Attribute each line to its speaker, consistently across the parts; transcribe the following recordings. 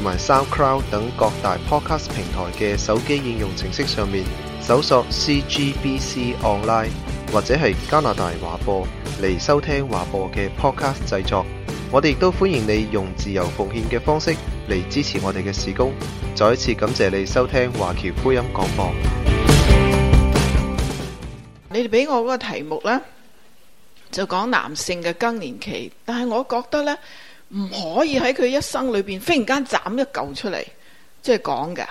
Speaker 1: 同埋 SoundCloud 等各大 Podcast 平台嘅手機應用程式上面搜索 CGBC Online 或者係加拿大華播嚟收聽華播嘅 Podcast 製作。我哋亦都歡迎你用自由奉獻嘅方式嚟支持我哋嘅事工。再一次感謝你收聽華僑福音廣播。你哋俾我嗰個題目咧，就講男性嘅更年期，但係我覺得咧。唔可以喺佢一生裏邊，忽然間斬一嚿出嚟，即係講噶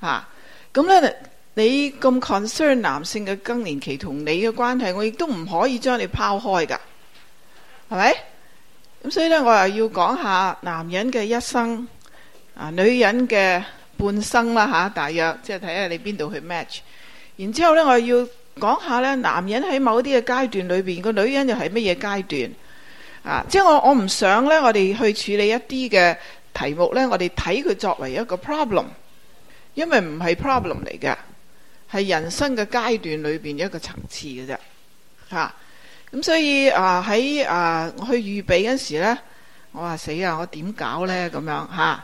Speaker 1: 吓。咁咧，你咁 concern 男性嘅更年期同你嘅關係，我亦都唔可以將你拋開噶，係咪？咁所以咧，我又要講下男人嘅一生，啊，女人嘅半生啦吓，啊，大約即係睇下你邊度去 match。然之後咧，我又要講下咧，男人喺某啲嘅階段裏邊，個女人又係乜嘢階段？啊！即係我我唔想咧，我哋去處理一啲嘅題目咧，我哋睇佢作為一個 problem，因為唔係 problem 嚟嘅，係人生嘅階段裏邊一個層次嘅啫。吓、啊、咁所以啊喺啊我去預備嗰時咧，我話死我啊！我點搞咧？咁樣吓，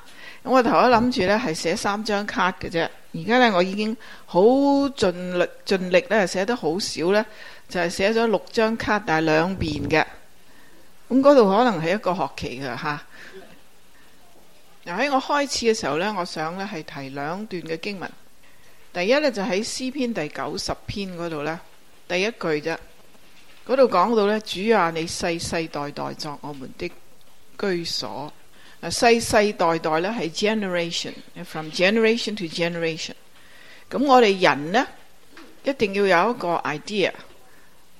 Speaker 1: 咁我頭一諗住咧係寫三張卡嘅啫，而家咧我已經好盡力盡力咧寫得好少咧，就係、是、寫咗六張卡，但係兩邊嘅。咁嗰度可能係一個學期㗎。吓、啊。嗱、啊、喺，我開始嘅時候呢，我想呢係提兩段嘅經文。第一呢，就喺詩篇第九十篇嗰度呢，第一句啫。嗰度講到呢，主要係你世世代代作我們的居所。啊，世世代代呢係 generation，from generation to generation。咁我哋人呢，一定要有一個 idea，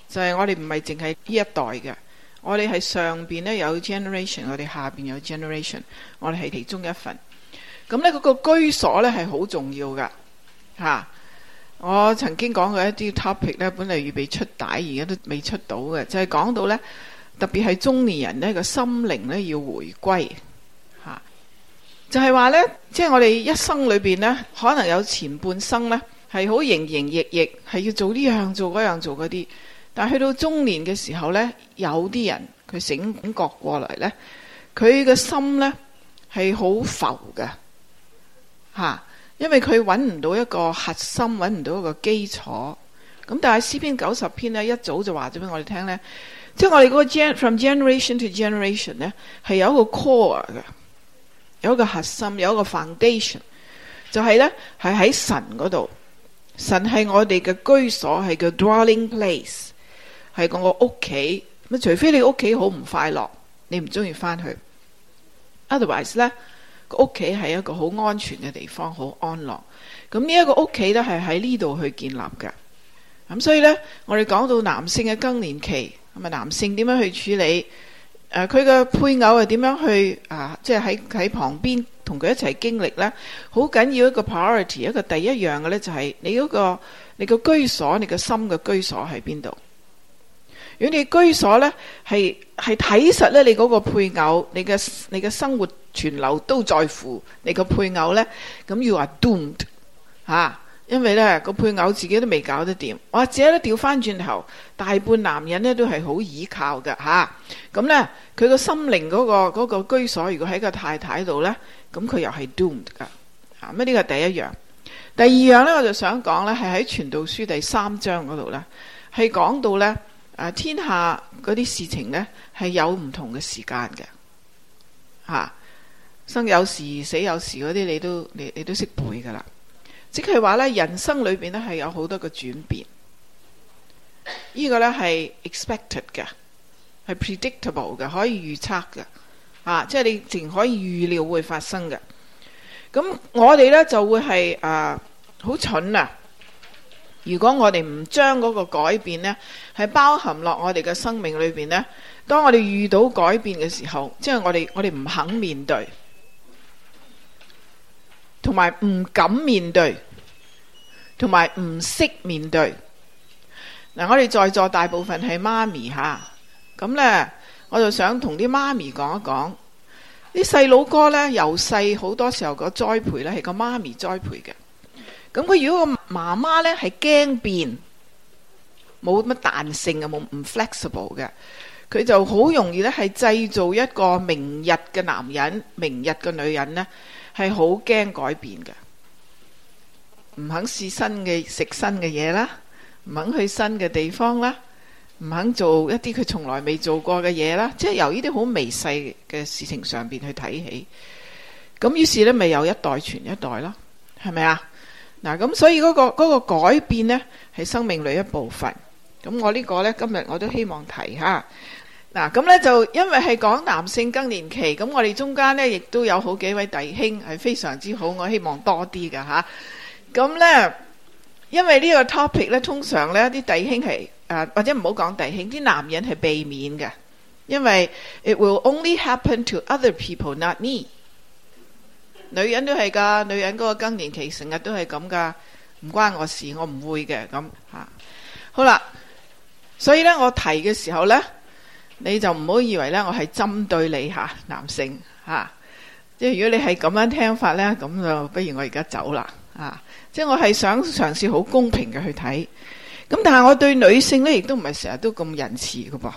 Speaker 1: 就係我哋唔係淨係呢一代嘅。我哋係上邊呢有 generation，我哋下邊有 generation，我哋係其中一份。咁呢嗰個居所呢係好重要噶，吓、啊。我曾經講過一啲 topic 呢，本嚟預備出帶，而家都未出到嘅，就係、是、講到呢，特別係中年人呢個心靈呢要回歸，吓、啊。就係、是、話呢，即、就、係、是、我哋一生裏邊呢，可能有前半生呢係好營營役役，係要做呢樣做嗰樣做嗰啲。但係去到中年嘅時候呢，有啲人佢醒覺過嚟呢，佢嘅心呢係好浮嘅吓，因為佢揾唔到一個核心，揾唔到一個基礎。咁但係詩篇九十篇呢，一早就話咗俾我哋聽呢，即係我哋嗰個 gen, from generation to generation 呢係有一個 core 㗎，有一個核心，有一個 foundation，就係呢，係喺神嗰度，神係我哋嘅居所，係叫 dwelling place。係講個屋企，咁除非你屋企好唔快樂，你唔中意翻去。Otherwise 呢個屋企係一個好安全嘅地方，好安樂。咁呢一個屋企都係喺呢度去建立嘅。咁所以呢，我哋講到男性嘅更年期，咁啊，男性點樣去處理？誒，佢個配偶係點樣去啊？即係喺喺旁邊同佢一齊經歷呢？好緊要一個 priority，一個第一樣嘅呢就係你嗰個你個居所，你個心嘅居所喺邊度。如果你居所呢係係睇實呢你嗰個配偶，你嘅你嘅生活全流都在乎你個配偶呢，咁要話 doomed、啊、因為呢個配偶自己都未搞得掂，或者咧掉翻轉頭，大半男人呢都係好倚靠㗎。嚇、啊、咁、嗯、呢佢個心靈嗰、嗰個嗰、嗰個居所，如果喺個太太度呢，咁佢又係 doomed 噶嚇，呢、啊呢個第一樣，第二樣呢，我就想講呢，係喺傳道書第三章嗰度呢，係講到呢。啊！天下嗰啲事情呢，係有唔同嘅時間嘅，吓、啊、生有時死有時嗰啲，你都你你都識背噶啦。即係話呢，人生裏邊呢，係有好多個轉變，呢、呢個呢，係 expected 嘅，係 predictable 嘅，可以預測嘅，啊，即係你淨可以預料會發生嘅。咁我哋呢，就會係啊，好蠢啊！如果我哋唔將嗰個改變呢係包含落我哋嘅生命裏邊呢，當我哋遇到改變嘅時候，即係我哋我哋唔肯面對，同埋唔敢面對，同埋唔識面對。嗱，我哋在座大部分係媽咪吓，咁呢，我就想同啲媽咪講一講，啲細佬哥呢，由細好多時候個栽培呢係個媽咪栽培嘅。咁佢如果個媽媽呢係驚變，冇乜彈性嘅，冇唔 flexible 嘅，佢就好容易呢係製造一個明日嘅男人，明日嘅女人呢係好驚改變嘅，唔肯試新嘅食新嘅嘢啦，唔肯去新嘅地方啦，唔肯做一啲佢從來未做過嘅嘢啦，即係由呢啲好微細嘅事情上邊去睇起，咁於是呢咪有一代傳一代咯，係咪啊？嗱，咁所以嗰個嗰個改變咧，係生命裏一部分。咁我呢個咧，今日我都希望提吓。嗱，咁咧就因為係講男性更年期，咁我哋中間咧亦都有好幾位弟兄係非常之好，我希望多啲㗎吓。咁咧，因為呢個 topic 咧，通常咧啲弟兄係啊，或者唔好講弟兄，啲男人係避免嘅，因為 it will only happen to other people, not me。女人都係噶女人嗰個更年期成日都係咁噶，唔關我事，我唔會嘅咁吓。好啦，所以咧我提嘅時候咧，你就唔好以為咧我係針對你吓男性吓，即係如果你係咁樣聽法咧，咁就不如我而家走啦啊！即係我係想嘗試好公平嘅去睇，咁但係我對女性咧亦都唔係成日都咁仁慈噶噃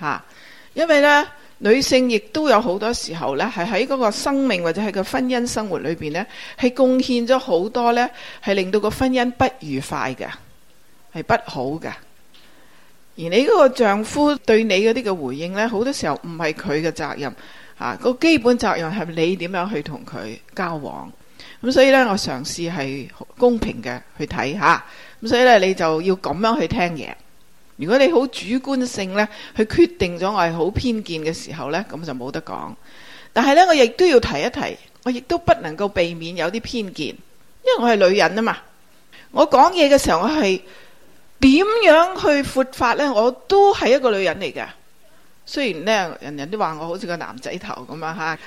Speaker 1: 吓，因為咧。女性亦都有好多時候呢，係喺嗰個生命，或者係個婚姻生活裏邊呢，係貢獻咗好多呢，係令到個婚姻不愉快嘅，係不好嘅。而你嗰個丈夫對你嗰啲嘅回應呢，好多時候唔係佢嘅責任，個、啊個基本責任係你點樣去同佢交往。咁所以呢，我嘗試係公平嘅去睇下。咁所以呢，你就要咁樣去聽嘢。如果你好主觀性呢，去決定咗我係好偏見嘅時候呢，咁就冇得講。但係呢，我亦都要提一提，我亦都不能夠避免有啲偏見，因為我係女人啊嘛。我講嘢嘅時候，我係點樣去闡發呢？我都係一個女人嚟嘅。雖然呢，人人都話我好似個男仔頭咁啊嚇。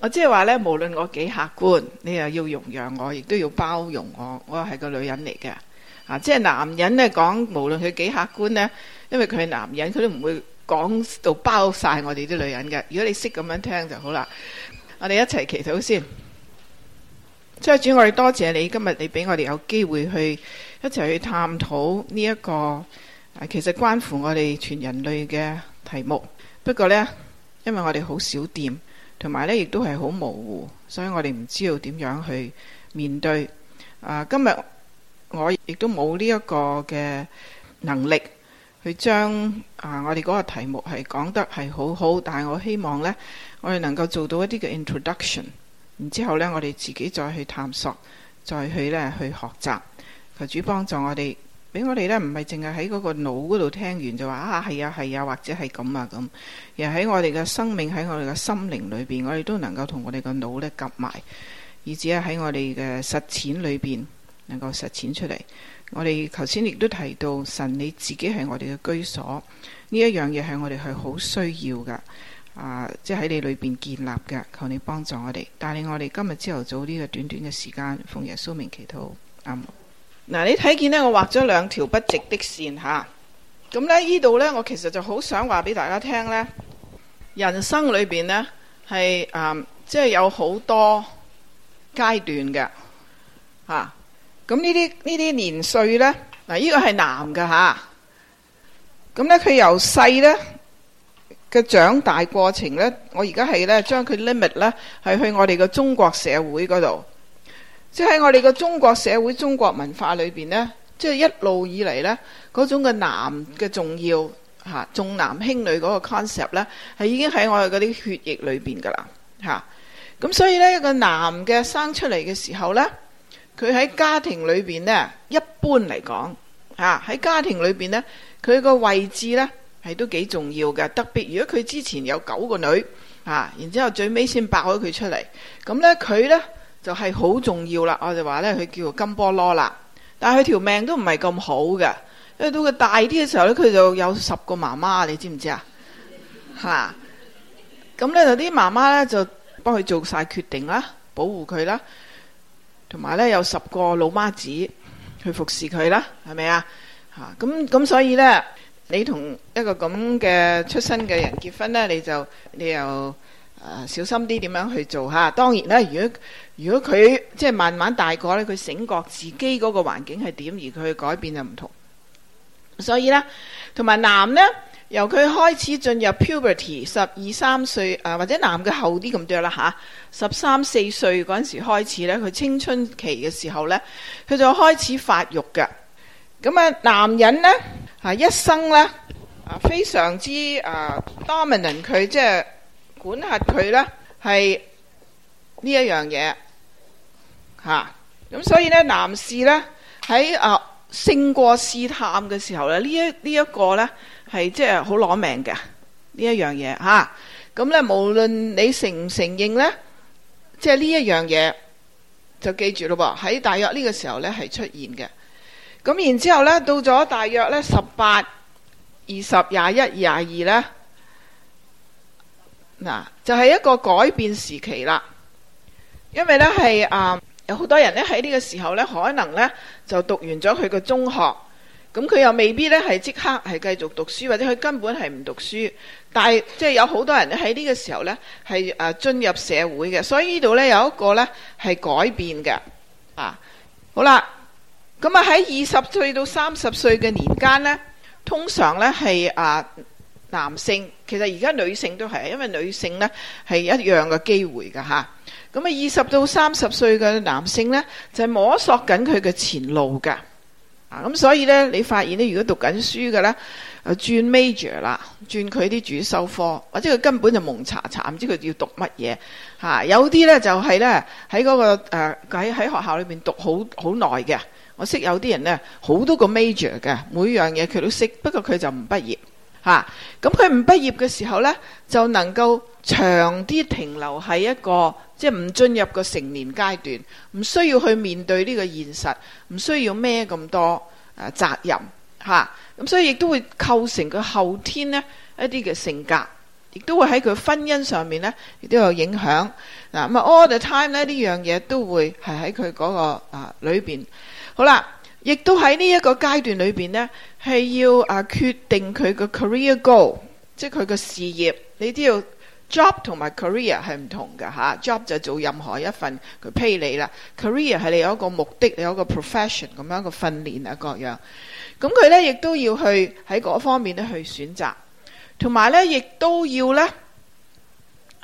Speaker 1: 我即係話呢，無論我幾客觀，你又要容讓我，亦都要包容我。我又係個女人嚟嘅。啊、即係男人呢，講，無論佢幾客觀呢，因為佢係男人，佢都唔會講到包晒我哋啲女人嘅。如果你識咁樣聽就好啦。我哋一齊祈禱先。即係主，我哋多謝你今日你俾我哋有機會去一齊去探討呢、這、一個、啊、其實關乎我哋全人類嘅題目。不過呢，因為我哋好少掂，同埋呢亦都係好模糊，所以我哋唔知道點樣去面對、啊、今日。我亦都冇呢一個嘅能力去將啊，我哋嗰個題目係講得係好好，但係我希望呢，我哋能夠做到一啲嘅 introduction，然之後呢我哋自己再去探索，再去呢去學習，求主幫助我哋，俾我哋呢唔係淨係喺嗰個腦嗰度聽完就話啊，係啊，係啊，係啊或者係咁啊咁，而喺我哋嘅生命，喺我哋嘅心靈裏邊，我哋都能夠同我哋嘅腦呢夾埋，以至係喺我哋嘅實踐裏邊。能夠實踐出嚟，我哋頭先亦都提到神，你自己係我哋嘅居所，呢一樣嘢係我哋係好需要㗎，啊、呃，即係喺你裏邊建立嘅，求你幫助我哋。帶領我哋今日朝頭早呢個短短嘅時間奉耶穌名祈禱。嗱，你睇見呢，我畫咗兩條不直的線吓，咁呢呢度呢，我其實就好想話俾大家聽呢，人生裏邊呢，係誒，即、嗯、係、就是、有好多階段嘅，吓。咁呢啲呢啲年歲呢，嗱、這、呢個係男㗎吓，咁呢，佢由細呢嘅長大過程呢，我而家係呢將佢 limit 呢，係去我哋嘅中國社會嗰度，即係喺我哋嘅中國社會、中國文化裏邊呢，即係一路以嚟呢嗰種嘅男嘅重要吓重男輕女嗰個 concept 呢，係已經喺我哋嗰啲血液裏邊噶啦吓，咁所以呢，一個男嘅生出嚟嘅時候呢。佢喺家庭裏邊呢，一般嚟講，吓，喺家庭裏邊呢，佢個位置呢，係都幾重要嘅。特別如果佢之前有九個女，吓，然之後最尾先爆咗佢出嚟，咁呢，佢呢，就係好重要啦。我就話呢，佢叫金菠蘿啦，但係佢條命都唔係咁好嘅，因為到佢大啲嘅時候呢，佢就有十個媽媽，你知唔知啊？吓，咁呢就啲媽媽呢，就幫佢做晒決定啦，保護佢啦。同埋咧有十個老媽子去服侍佢啦，係咪啊？吓，咁，咁所以呢，你同一個咁嘅出身嘅人結婚呢，你就你又、呃、小心啲點樣去做下。當然呢，如果如果佢即係慢慢大個呢，佢醒覺自己嗰個環境係點，而佢改變就唔同。所以呢，同埋男呢。由佢開始進入 puberty，十二三歲啊，或者男嘅後啲咁多啦嚇。十三四歲嗰陣時開始咧，佢青春期嘅時候咧，佢就開始發育㗎。咁啊，男人咧啊，一生咧啊，非常之啊，dominant 佢即係管轄佢咧，係呢一樣嘢嚇。咁、啊、所以咧，男士咧喺啊勝過試探嘅時候咧，呢一呢一個咧，係即係好攞命嘅呢一樣嘢吓，咁、啊、呢，無論你承唔承認呢，即係呢一樣嘢就記住咯喎。喺大約呢個時候呢，係出現嘅。咁然之後呢到咗大約呢，十八、二十、廿一、廿二呢，嗱就係、是、一個改變時期啦。因為呢係啊、嗯，有好多人呢喺呢個時候呢，可能呢，就讀完咗佢嘅中學。咁佢又未必咧係即刻係繼續讀書，或者佢根本係唔讀書。但係即係有好多人喺呢個時候咧係誒進入社會嘅，所以呢度咧有一個咧係改變嘅啊。好啦，咁啊喺二十歲到三十歲嘅年間咧，通常咧係男性，其實而家女性都係，因為女性咧係一樣嘅機會㗎。吓、啊，咁啊二十到三十歲嘅男性咧就係摸索緊佢嘅前路㗎。咁、啊、所以咧，你發現咧，如果讀緊書嘅咧，轉、啊、major 啦，轉佢啲主修科，或者佢根本就蒙查查，唔知佢要讀乜嘢。啊、有啲咧就係咧喺嗰個喺喺、呃、學校裏面讀好好耐嘅。我識有啲人咧好多個 major 嘅，每樣嘢佢都識，不過佢就唔畢業嚇。咁佢唔畢業嘅時候咧，就能夠長啲停留喺一個即係唔進入個成年階段，唔需要去面對呢個現實，唔需要孭咁多誒、呃、責任咁、啊、所以亦都會構成佢後天呢一啲嘅性格，亦都會喺佢婚姻上面呢亦都有影響嗱。咁啊，all the time 呢呢樣嘢都會係喺佢嗰個啊裏邊好啦。亦都喺呢一個階段裏面呢，係要啊決定佢嘅 career goal，即係佢嘅事業，你都要。job 同埋 career 係唔同嘅嚇，job 就做任何一份佢 pay 你啦，career 係你有一個目的，你有一個 profession 咁樣嘅訓練啊各樣，咁佢呢亦都要去喺嗰方面呢去選擇，同埋呢亦都要呢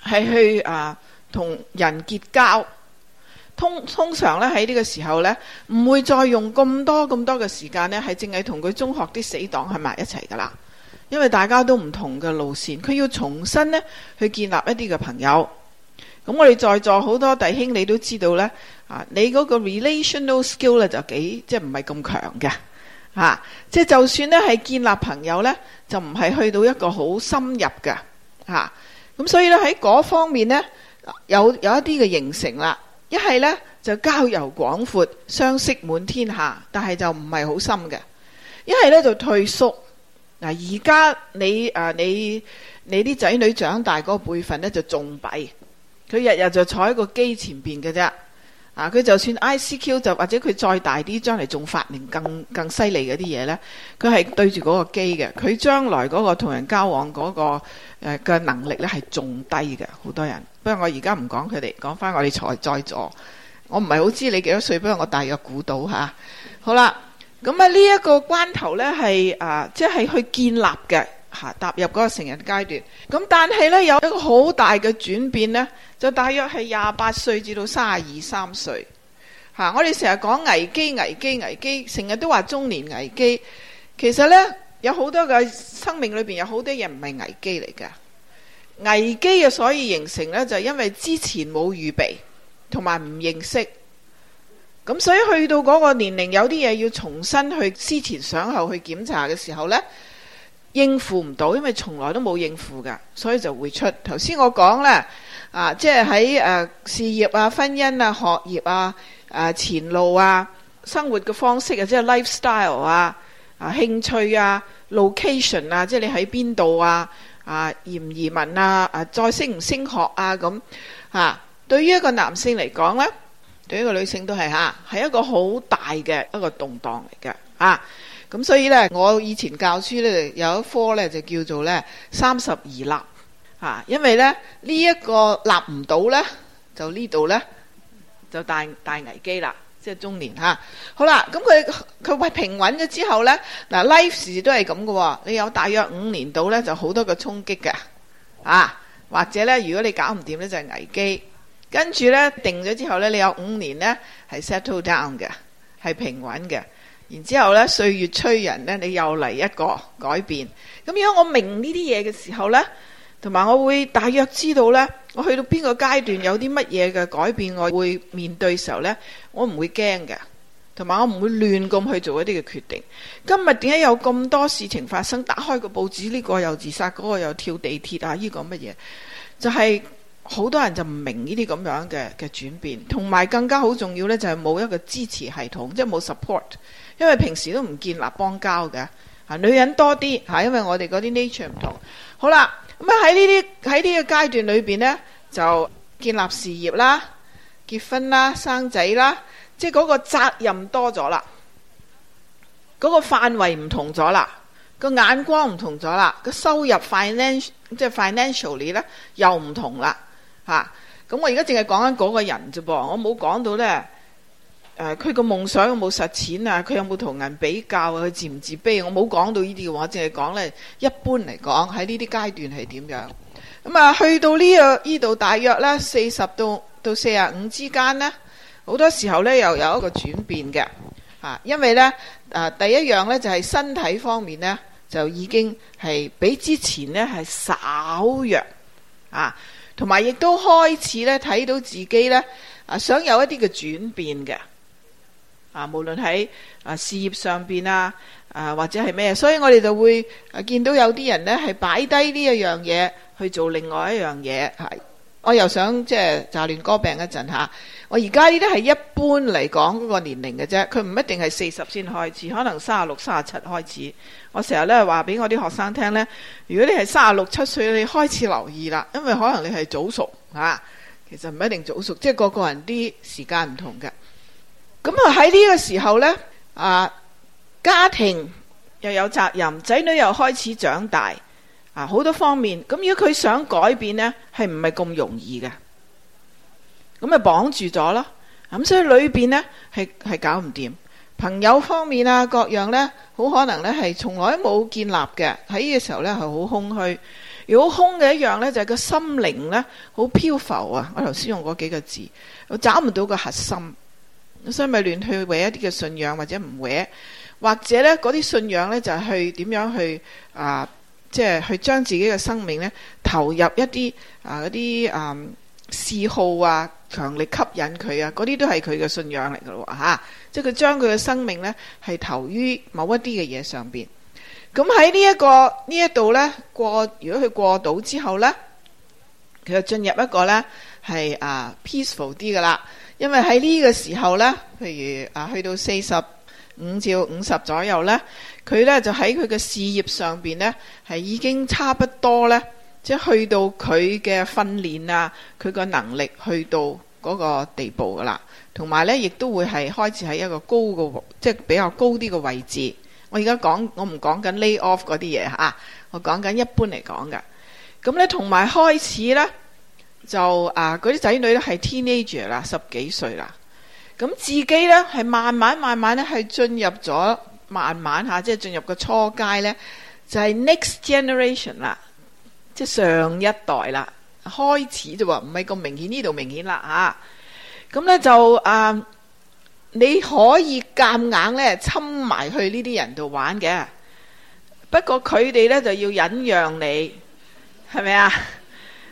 Speaker 1: 係去啊同、呃、人結交。通通常呢喺呢個時候呢，唔會再用咁多咁多嘅時間呢，係淨係同佢中學啲死黨喺埋一齊噶啦。因為大家都唔同嘅路線，佢要重新呢去建立一啲嘅朋友。咁我哋在座好多弟兄，你都知道呢，啊，你嗰個 relational skill 呢就幾即係唔係咁強嘅，吓，即係、啊、就算呢係建立朋友呢，就唔係去到一個好深入嘅，吓、啊。咁所以呢，喺嗰方面呢，有有一啲嘅形成啦。一係呢，就交遊廣闊，相識滿天下，但係就唔係好深嘅。一係呢，就退縮。嗱，而家你你你啲仔女長大嗰個輩份咧就仲弊，佢日日就坐喺個機前邊嘅啫。啊，佢就算 I C Q 就或者佢再大啲，將嚟仲發明更更犀利嗰啲嘢咧，佢係對住嗰個機嘅。佢將來嗰個同人交往嗰個、呃、嘅能力咧係仲低嘅。好多人，不過我而家唔講佢哋，講翻我哋財在座。我唔係好知你幾多歲，不過我大約估到嚇。好啦。咁啊，呢一個關頭呢，係即係去建立嘅吓，踏入嗰個成人階段。咁但係呢，有一個好大嘅轉變呢，就大約係廿八歲至到三十二三歲吓。我哋成日講危機、危機、危機，成日都話中年危機。其實呢，有好多嘅生命裏邊有好多人唔係危機嚟噶。危機嘅所以形成呢，就因為之前冇預備同埋唔認識。咁所以去到嗰個年齡，有啲嘢，要重新去思前想後，去檢查嘅時候呢，應付唔到，因為從來都冇應付噶，所以就會出。頭先我講啦，啊，即係喺誒事業啊、婚姻啊、學業啊、誒前路啊、生活嘅方式啊，即係 lifestyle 啊、啊興趣啊、location 啊，即係你喺邊度啊、啊移唔移民啊，升升啊、啊再升唔升學啊咁，吓，對於一個男性嚟講呢。對於一個女性都係吓，係一個好大嘅一個動盪嚟嘅嚇。咁、啊、所以呢，我以前教書呢，有一科呢就叫做呢三十而立嚇、啊，因為呢呢一、這個立唔到呢，就呢度呢，就大大危機啦，即、就、係、是、中年吓、啊，好啦，咁佢佢平穩咗之後呢嗱、啊、life 時都係咁嘅喎。你有大約五年到呢，就好多個衝擊嘅啊或者呢，如果你搞唔掂呢，就係危機。跟住呢，定咗之後呢，你有五年呢係 settle down 嘅，係平穩嘅。然之後呢，歲月催人呢，你又嚟一個改變。咁如果我明呢啲嘢嘅時候呢，同埋我會大約知道呢，我去到邊個階段有啲乜嘢嘅改變，我會面對時候呢，我唔會驚嘅，同埋我唔會亂咁去做一啲嘅決定。今日點解有咁多事情發生？打開個報紙，呢個又自殺，嗰個又跳地鐵啊！呢個乜嘢？就係。好多人就唔明呢啲咁樣嘅嘅轉變，同埋更加好重要呢就係、係、冇一個支持系統，即係冇 support，因為平時都唔建立邦交嘅、啊、女人多啲、啊、因為我哋嗰啲 nature 唔同。好啦，咁喺呢啲喺呢個階段裏面呢，就建立事業啦、結婚啦、生仔啦，即係嗰個責任多咗啦，嗰、嗰個範圍唔同咗啦，個眼光唔同咗啦，個收入 financial 即係 financially 呢，又唔同啦。吓、啊，咁我而家淨係講緊嗰個人咋噃，我冇講到呢，誒、呃，佢個夢想有冇實踐啊？佢有冇同人比較啊？佢自唔自卑？我冇講到呢啲嘅話，我淨係講呢，一般嚟講喺呢啲階段係點樣？咁啊，去到呢、這個呢度、這個、大約呢四十到到四十五之間呢，好多時候呢又有一個轉變嘅，吓、啊，因為呢，誒、啊，第一樣呢就係、是、身體方面呢，就已經係比之前呢係稍弱，啊。同埋亦都開始咧，睇到自己呢啊，想有一啲嘅轉變嘅啊，無論喺啊事業上面啊啊，或者係咩，所以我哋就會啊見到有啲人呢係擺低呢一樣嘢去做另外一樣嘢係。我又想即係雜亂哥病一陣吓，我而家呢啲係一般嚟講嗰個年齡嘅啫，佢唔一定係四十先開始，可能卅六卅七開始。我成日咧話俾我啲學生聽呢：如果你係卅六七歲，你開始留意啦，因為可能你係早熟啊，其實唔一定早熟，即係個個人啲時間唔同嘅。咁啊喺呢個時候呢，啊家庭又有責任，仔女又開始長大。啊，好多方面，咁如果佢想改變呢，係唔係咁容易嘅？咁咪綁住咗咯。咁所以裏邊呢，係係搞唔掂。朋友方面啊，各樣呢，好可能呢係從來冇建立嘅。喺呢個時候呢，係好空虛。如果空嘅一樣呢，就係、是、個心靈呢，好漂浮啊。我頭先用過幾個字，我找唔到個核心，所以咪亂去搵一啲嘅信仰，或者唔搵，或者呢嗰啲信仰呢，就是、去點樣去啊？即係去將自己嘅生命呢投入一啲啊嗰啲啊嗜好啊，強力吸引佢啊，嗰啲都係佢嘅信仰嚟噶咯吓即係佢將佢嘅生命呢係投於某一啲嘅嘢上邊。咁喺、這個這個、呢一個呢一度呢過，如果佢過到之後呢，佢就進入一個呢係啊 peaceful 啲噶啦因為喺呢個時候呢，譬如啊去到四十五至五十左右呢。佢咧就喺佢嘅事業上面咧，係已經差不多咧，即係去到佢嘅訓練啊，佢個能力去到嗰個地步㗎喇。同埋咧，亦都會係開始喺一個高嘅，即係比較高啲嘅位置。我而家講，我唔講緊 lay off 嗰啲嘢吓，我講緊一般嚟講嘅。咁咧，同埋開始咧，就啊嗰啲仔女咧係 teenager 啦，十幾歲啦。咁自己咧係慢慢慢慢咧係進入咗。慢慢吓，即係進入個初階呢，就係、是、next generation 啦，即係上一代啦，開始就話唔係咁明顯呢度明顯啦吓，咁、啊、呢就啊，你可以夾硬，硬呢，侵埋去呢啲人度玩嘅，不過佢哋呢，就要忍讓你，係咪啊？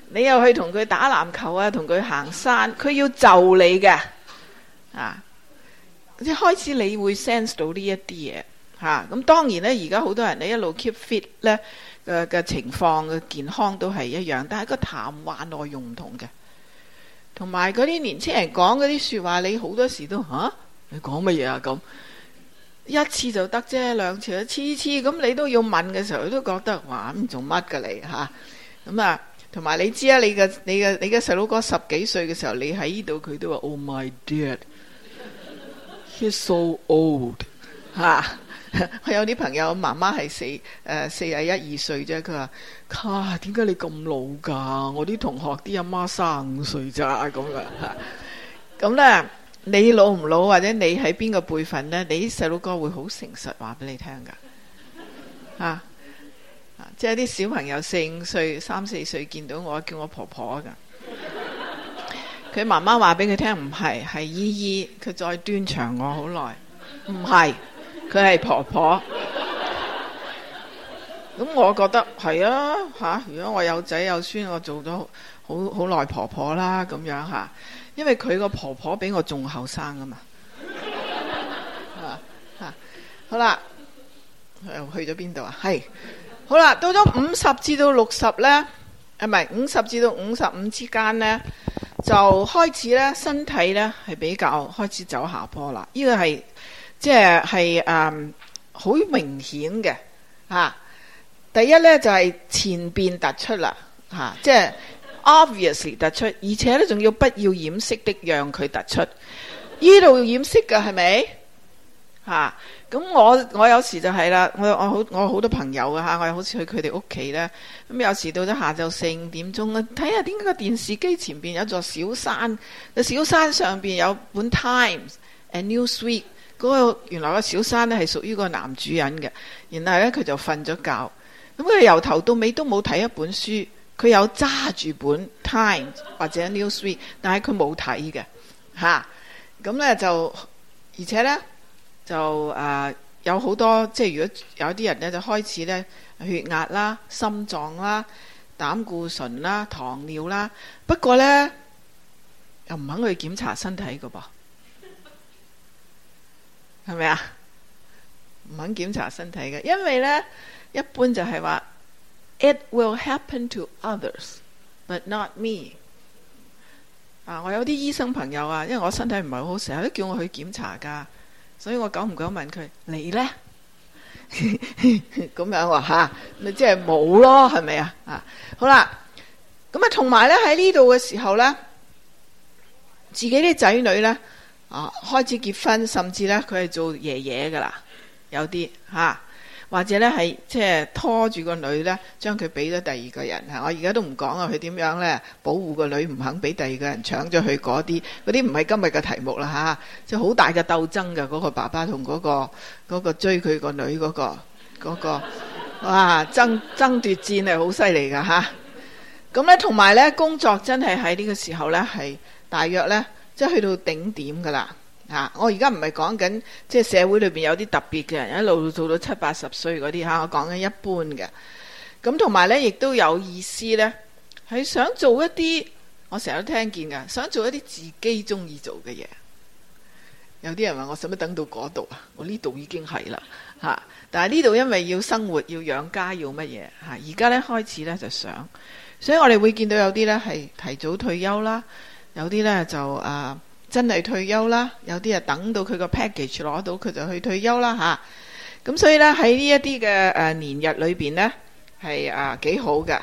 Speaker 1: 你又去同佢打籃球啊，同佢行山，佢要就你嘅，啊。即開始你會 sense 到呢一啲嘢，吓、啊、咁當然呢，而家好多人你一路 keep fit 呢嘅嘅情況嘅健康都係一樣，但係個談話內容唔同嘅，同埋嗰啲年青人講嗰啲說話，你好多時都吓、啊、你講乜嘢啊咁？一次就得啫，兩次,次，次次咁你都要問嘅時候，佢都覺得哇咁做乜嘅你吓咁啊？同、啊、埋你知啊，你嘅你嘅你嘅細佬哥十幾歲嘅時候，你喺呢度佢都話 Oh my dear。He's so old 嚇，佢有啲朋友媽媽係四誒四十一二歲啫，佢話：卡，點解你咁老㗎？我啲、呃啊、同學啲阿媽三十五歲咋，咁啊？咁咧，你老唔老或者你喺邊個輩份咧？你啲細佬哥會好誠實話俾你聽㗎，啊即係啲小朋友四五歲、三四歲見到我叫我婆婆㗎。 佢媽媽話俾佢聽，唔係，係姨姨。佢再端詳我好耐，唔係，佢係婆婆。咁 我覺得係啊，嚇！如果我有仔有孫，我做咗好好耐婆婆啦，咁樣嚇。因為佢個婆婆比我仲後生啊嘛。嚇 好啦，去咗邊度啊？係，好啦，到咗五十至到六十呢。啊，唔係五十至到五十五之間呢，就開始呢身體呢係比較開始走下坡啦。呢、這個係即係係嗯好明顯嘅嚇。第一呢，就係、是、前邊突出啦嚇，即、啊、係、就是、obviously 突出，而且呢仲要不要掩飾的讓佢突出？依度要掩飾嘅係咪嚇？咁我我有時就係啦，我我好我好多朋友噶吓，我又好似去佢哋屋企咧，咁有時到咗下晝四五點鐘，睇下點解個電視機前邊有座小山，個小山上邊有本 Times and Newsweek，嗰個原來個小山咧係屬於個男主人嘅，然後咧佢就瞓咗覺，咁佢由頭到尾都冇睇一本書，佢有揸住本 Times 或者 Newsweek，但係佢冇睇嘅，吓、啊，咁咧就而且咧。就誒、呃，有好多即係，如果有啲人咧，就開始咧血壓啦、心臟啦、膽固醇啦、糖尿啦。不過咧，又唔肯去檢查身體噶噃，係咪啊？唔肯檢查身體嘅，因為咧，一般就係話，It will happen to others, but not me、呃。啊，我有啲醫生朋友啊，因為我身體唔係好好，成日都叫我去檢查噶。所以我敢唔敢問佢，你咧咁 樣話吓，咪即係冇咯，係咪啊？啊，好啦，咁啊，同埋咧喺呢度嘅時候咧，自己啲仔女咧，啊開始結婚，甚至咧佢係做爺爺噶啦，有啲吓。啊或者咧係即係拖住個女咧，將佢俾咗第二個人。我而家都唔講啊，佢點樣咧？保護個女唔肯俾第二個人搶咗佢嗰啲，嗰啲唔係今日嘅題目啦吓。即係好大嘅鬥爭噶，嗰個爸爸同嗰個嗰個追佢個女嗰個嗰個，哇爭爭奪戰係好犀利噶吓。咁咧同埋咧工作真係喺呢個時候咧係大約咧即係去到頂點噶啦。啊！我而家唔係講緊即係社會裏邊有啲特別嘅人，一路做到七八十歲嗰啲吓，我講緊一般嘅。咁同埋呢亦都有意思呢係想做一啲我成日都聽見嘅，想做一啲自己中意做嘅嘢。有啲人話我使乜等到嗰度啊，我呢度已經係啦吓。但係呢度因為要生活、要養家、要乜嘢吓，啊，而家呢開始呢，就想，所以我哋會見到有啲呢係提早退休啦，有啲呢就啊。真係退休啦，有啲啊，等到佢個 package 攞到，佢就去退休啦吓。咁、啊、所以呢，喺呢一啲嘅誒年日裏邊呢，係啊幾好㗎。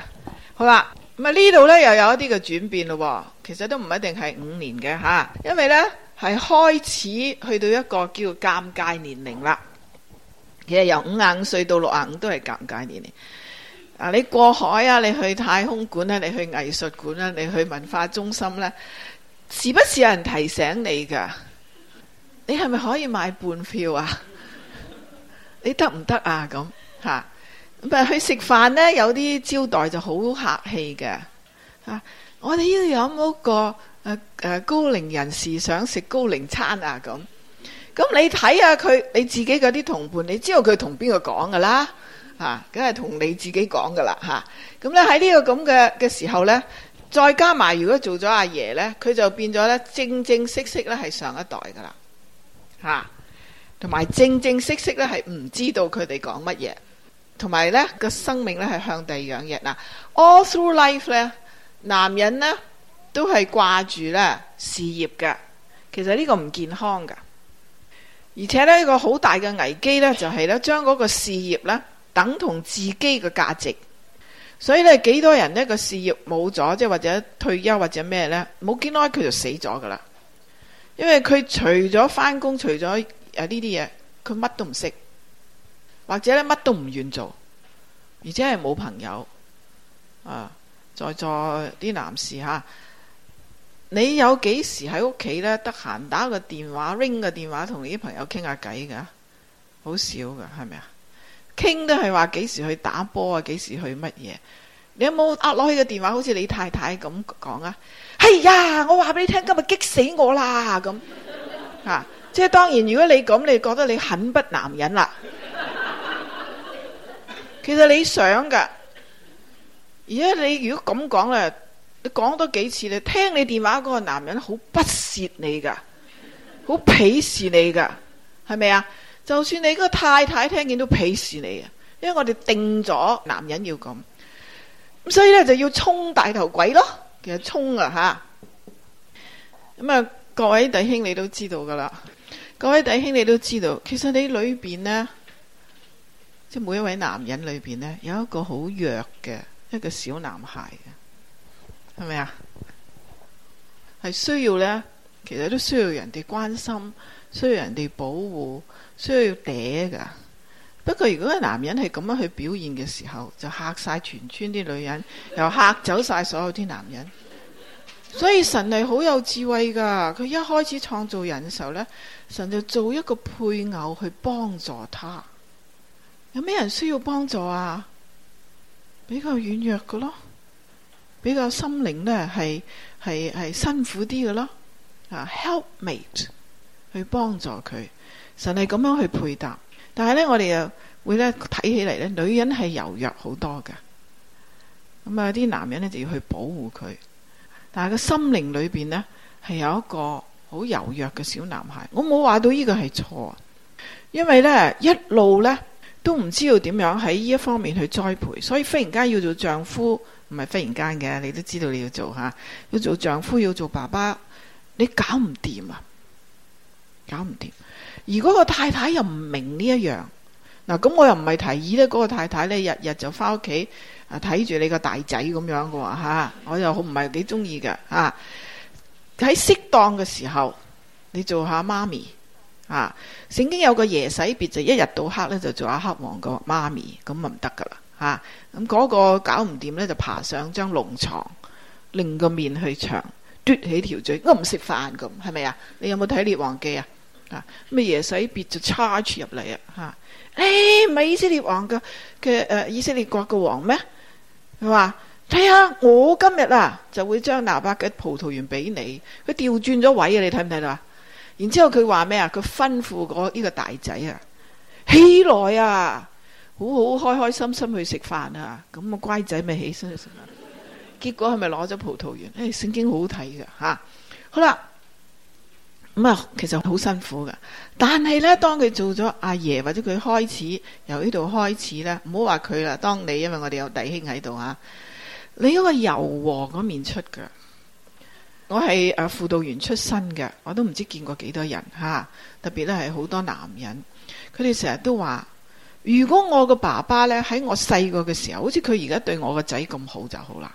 Speaker 1: 好啦，咁啊呢度呢，又有一啲嘅轉變咯。其實都唔一定係五年嘅吓，啊，因為呢，係開始去到一個叫尷尬年齡啦。其實由五十五歲到六十五都係尷尬年齡。啊，你過海啊，你去太空館啊，你去藝術館啊，你去文化中心呢，啊。時不時有人提醒你噶，你係咪可以買半票 行行啊？你得唔得啊？咁吓，唔係去食飯呢，有啲招待就好客氣嘅。吓、啊，我哋呢度有冇個誒誒、啊啊、高齡人士想食高齡餐啊？咁咁你睇下佢你自己嗰啲同伴，你知道佢同邊個講噶啦？吓、啊，梗係同你自己講噶啦吓。咁咧喺呢個咁嘅嘅時候呢，再加埋，如果做咗阿爺呢，佢就變咗呢，正正式式呢係上一代噶啦，吓、啊，同埋正正式式呢係唔知道佢哋講乜嘢，同埋呢個生命呢係向地養嘢喇。All through life 呢，男人呢都係掛住呢事業㗎。其實呢個唔健康噶，而且呢一個好大嘅危機呢，就係呢將嗰個事業呢等同自己嘅價值。所以咧，幾多人呢個事業冇咗，即係或者退休或者咩呢？冇幾耐佢就死咗噶啦。因為佢除咗翻工，除咗誒呢啲嘢，佢乜都唔識，或者咧乜都唔願做，而且係冇朋友啊，在座啲男士吓，你有幾時喺屋企呢？得閒打個電話 ring 個電話同你啲朋友傾下偈噶？好少噶，係咪啊？傾都係話幾時去打波啊？幾時去乜嘢？你有冇壓攞起個電話？好似你太太咁講啊？哎呀，我話俾你聽，今日激死我啦！咁啊，即係當然，如果你咁，你覺得你很不男人啦。其實你想噶，而且你如果咁講咧，你講多幾次，你聽你電話嗰個男人好不屑你噶，好鄙視你噶，係咪啊？就算你個太太聽見都鄙視你啊，因為我哋定咗男人要咁，咁所以呢，就要沖大頭鬼咯，其實沖啊吓。咁啊，各位弟兄你都知道噶啦，各位弟兄你都知道，其實你裏邊呢，即係每一位男人裏邊呢，有一個好弱嘅一個小男孩嘅，係咪啊？係需要呢，其實都需要人哋關心，需要人哋保護。需要嗲噶，不過如果個男人係咁樣去表現嘅時候，就嚇晒全村啲女人，又嚇走晒所有啲男人。所以神係好有智慧噶，佢一開始創造人嘅時候呢，神就做一個配偶去幫助他。有咩人需要幫助啊？比較軟弱嘅咯，比較心靈呢係係係辛苦啲嘅咯。啊，Helpmate。去幫助佢，神係咁樣去配搭，但係呢，我哋又會咧睇起嚟，呢女人係柔弱好多嘅。咁啊，啲男人呢，就要去保護佢，但係個心靈裏邊呢，係有一個好柔弱嘅小男孩。我冇話到呢個係錯，因為呢一路呢都唔知道點樣喺呢一方面去栽培，所以忽然間要做丈夫，唔係忽然間嘅，你都知道你要做吓，要做丈夫要做爸爸，你搞唔掂啊！搞唔掂，而嗰個太太又唔明呢一樣嗱，咁我又唔係提議呢，嗰、那個太太呢日日就翻屋企啊睇住你個大仔咁樣嘅吓，我又好唔係幾中意嘅吓。喺適當嘅時候，你做下媽咪啊。聖經有個耶洗別就一日到黑呢，就做下黑王個媽咪，咁咪唔得噶啦吓。咁、那、嗰個搞唔掂呢，就爬上張龍床，另個面去牆，嘟起條嘴，我唔食飯咁，係咪啊？你有冇睇列王記啊？咩嘢使別就 charge 入嚟啊！吓、哎，唔係以色列王嘅嘅誒，以色列國嘅王咩？佢話睇下我今日啊，就會將拿伯嘅葡萄園俾你。佢調轉咗位啊，你睇唔睇到啊？然之後佢話咩啊？佢吩咐我呢個大仔啊，起來啊，好好開開心心去食飯啊！咁啊，乖仔咪起身去食飯。結果係咪攞咗葡萄園？誒、哎，聖經好好睇噶吓，好啦。咁啊，其實好辛苦噶。但係呢，當佢做咗阿爺或者，佢開始由呢度開始呢，唔好話佢啦。當你因為我哋有弟兄喺度啊，你嗰個柔和嗰面出噶。我係誒輔導員出身嘅，我都唔知見過幾多人吓，特別咧係好多男人，佢哋成日都話：如果我個爸爸呢，喺我細個嘅時候，好似佢而家對我個仔咁好就好啦。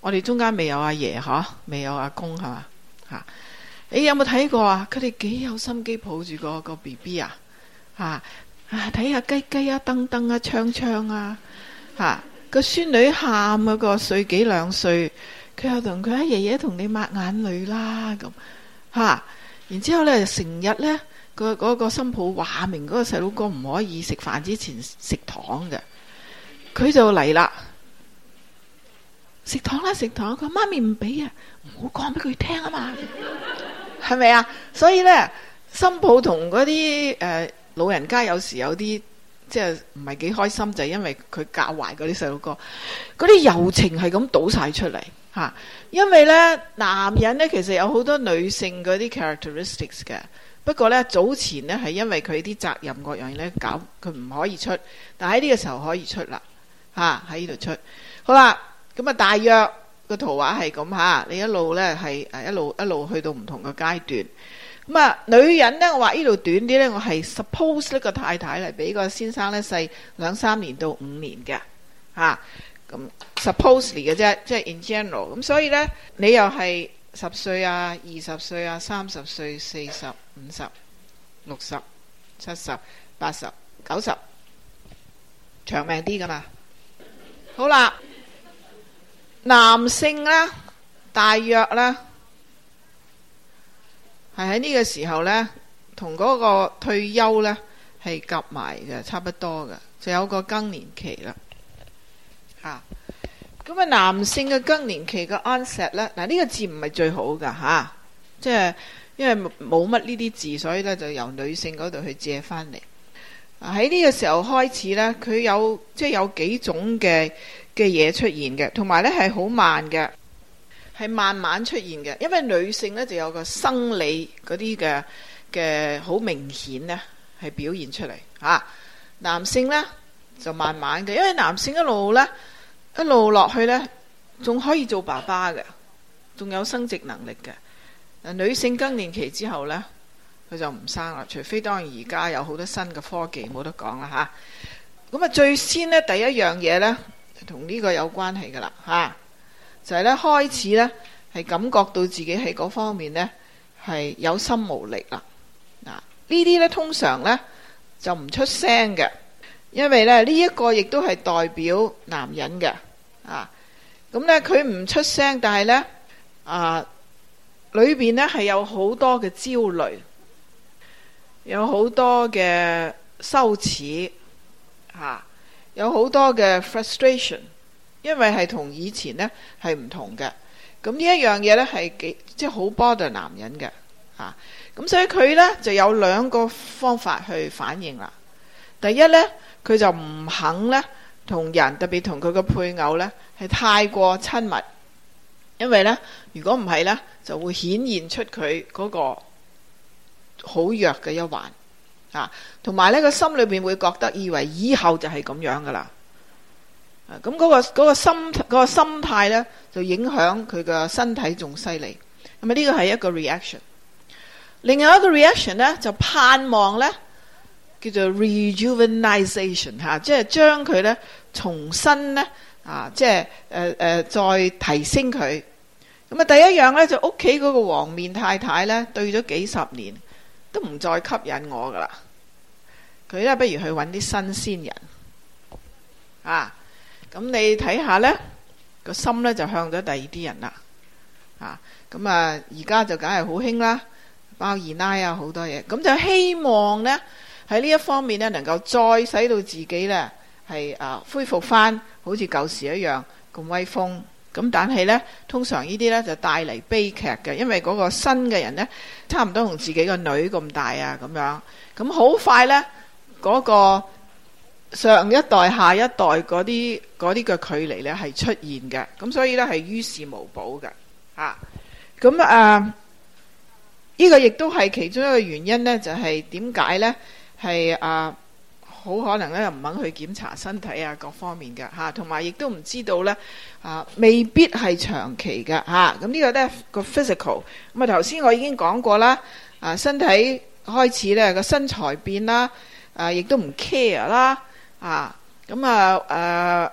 Speaker 1: 我哋中間未有阿爺嗬，未有阿公係嘛？啊、你有冇睇過啊？佢哋幾有心機抱住、嗰個、嗰個、B B 啊！啊啊，睇下雞雞啊，蹬蹬啊，唱唱啊！吓個孫女喊啊，嗰個歲、嗰個、幾兩歲，佢又同佢阿爺爺同你抹眼淚啦咁吓。然之後咧，成日呢，嗰個嗰、嗰個新抱話明嗰個細佬哥唔可以食飯之前食糖嘅，佢就嚟啦，食糖啦食糖，佢媽咪唔俾啊！好講俾佢聽啊嘛，係咪啊？所以呢，新抱同嗰啲誒老人家有時有啲即係唔係幾開心，就係因為佢教壞嗰啲細路哥，嗰啲柔情係咁倒晒出嚟吓，啊。因為呢，男人呢其實有好多女性嗰啲 characteristics 嘅，不過呢，早前呢係因為佢啲責任各樣嘢搞，佢唔可以出，但喺呢個時候可以出啦吓，喺呢度出好啦，咁啊大約。個圖畫係咁吓，你一路呢係誒一路一路去到唔同嘅階段，咁啊女人呢，我話呢度短啲呢，我係 suppose 呢個太太嚟，俾個先生呢細兩三年到五年嘅吓，咁 supposedly 嘅啫，即係、就是、in general。咁所以呢，你又係十歲啊、二十歲啊、三十歲、四十五十、六十、七十八十九十，長命啲噶嘛？好啦。男性啦，大約啦，係喺呢個時候呢，同嗰個退休呢係夾埋嘅，差不多嘅，就有個更年期啦。吓，咁啊，男性嘅更年期嘅 onset 咧，嗱、啊、呢、呢個字唔係最好噶吓，即、啊、係、就是，因為冇乜呢啲字，所以呢就由女性嗰度去借返嚟。喺、啊、呢個時候開始呢，佢有即係、就是、有幾種嘅。嘅嘢出現嘅，同埋呢係好慢嘅，係慢慢出現嘅。因為女性呢就有個生理嗰啲嘅嘅好明顯呢係表現出嚟吓、啊。男性呢就慢慢嘅，因為男性一路呢，一路落去呢，仲可以做爸爸嘅，仲有生殖能力嘅。誒，女性更年期之後呢，佢就唔生啦，除非當然而家有好多新嘅科技，冇得講啦吓。咁啊，最先呢第一樣嘢呢。同呢個有關係噶啦，吓、啊、就係、是、咧開始呢，係感覺到自己喺嗰方面呢係有心無力啦，嗱、啊、呢啲呢通常呢就唔出聲嘅，因為咧呢一、這個亦都係代表男人嘅啊，咁咧佢唔出聲，但係呢啊裏邊咧係有好多嘅焦慮，有好多嘅羞恥，吓、啊。有好多嘅 frustration，因為係同以前呢係唔同嘅，咁呢一樣嘢呢係幾即係好 bother 男人嘅，咁所以佢呢就有兩個方法去反應啦。第一呢，佢就唔肯呢同人，特別同佢嘅配偶呢係太過親密，因為呢如果唔係呢，就會顯現出佢嗰個好弱嘅一環。啊，同埋呢個心裏邊會覺得以為以後就係咁樣噶啦，咁、啊、嗰、嗰個、嗰個心嗰、嗰個心態呢，就影響佢個身體仲犀利，係、啊、咪？呢、呢個係一個 reaction。另外一個 reaction 呢，就盼望呢叫做 rejuvenization 吓、啊，即係將佢呢重新呢，啊，即係誒誒，再提升佢。咁啊，第一樣呢，就屋企嗰個黃面太太呢，對咗幾十年。都唔再吸引我噶啦，佢呢，不如去揾啲新鮮人啊。咁你睇下呢個心呢，就向咗第二啲人啦咁啊，而、啊、家、啊、就梗係好興啦，包二奶啊，好多嘢。咁、嗯、就希望呢喺呢一方面呢，能夠再使到自己呢，係啊恢復翻好似舊時一樣咁威風。咁但係呢，通常呢啲呢就帶嚟悲劇嘅，因為嗰個新嘅人呢，差唔多同自己個女咁大啊，咁樣，咁好快呢，嗰個上一代下一代嗰啲嗰啲嘅距離呢係出現嘅，咁所以呢係於事無補嘅，嚇，咁啊，呢個亦都係其中一個原因呢，就係點解呢係啊？好可能咧，又唔肯去檢查身體啊，各方面㗎。嚇、啊，同埋亦都唔知道咧啊，未必係長期㗎。嚇、啊。咁呢個咧個 physical。咁啊，頭先我已經講過啦。啊，身體開始咧個身材變啦，啊，亦都唔 care 啦。啊，咁啊，啊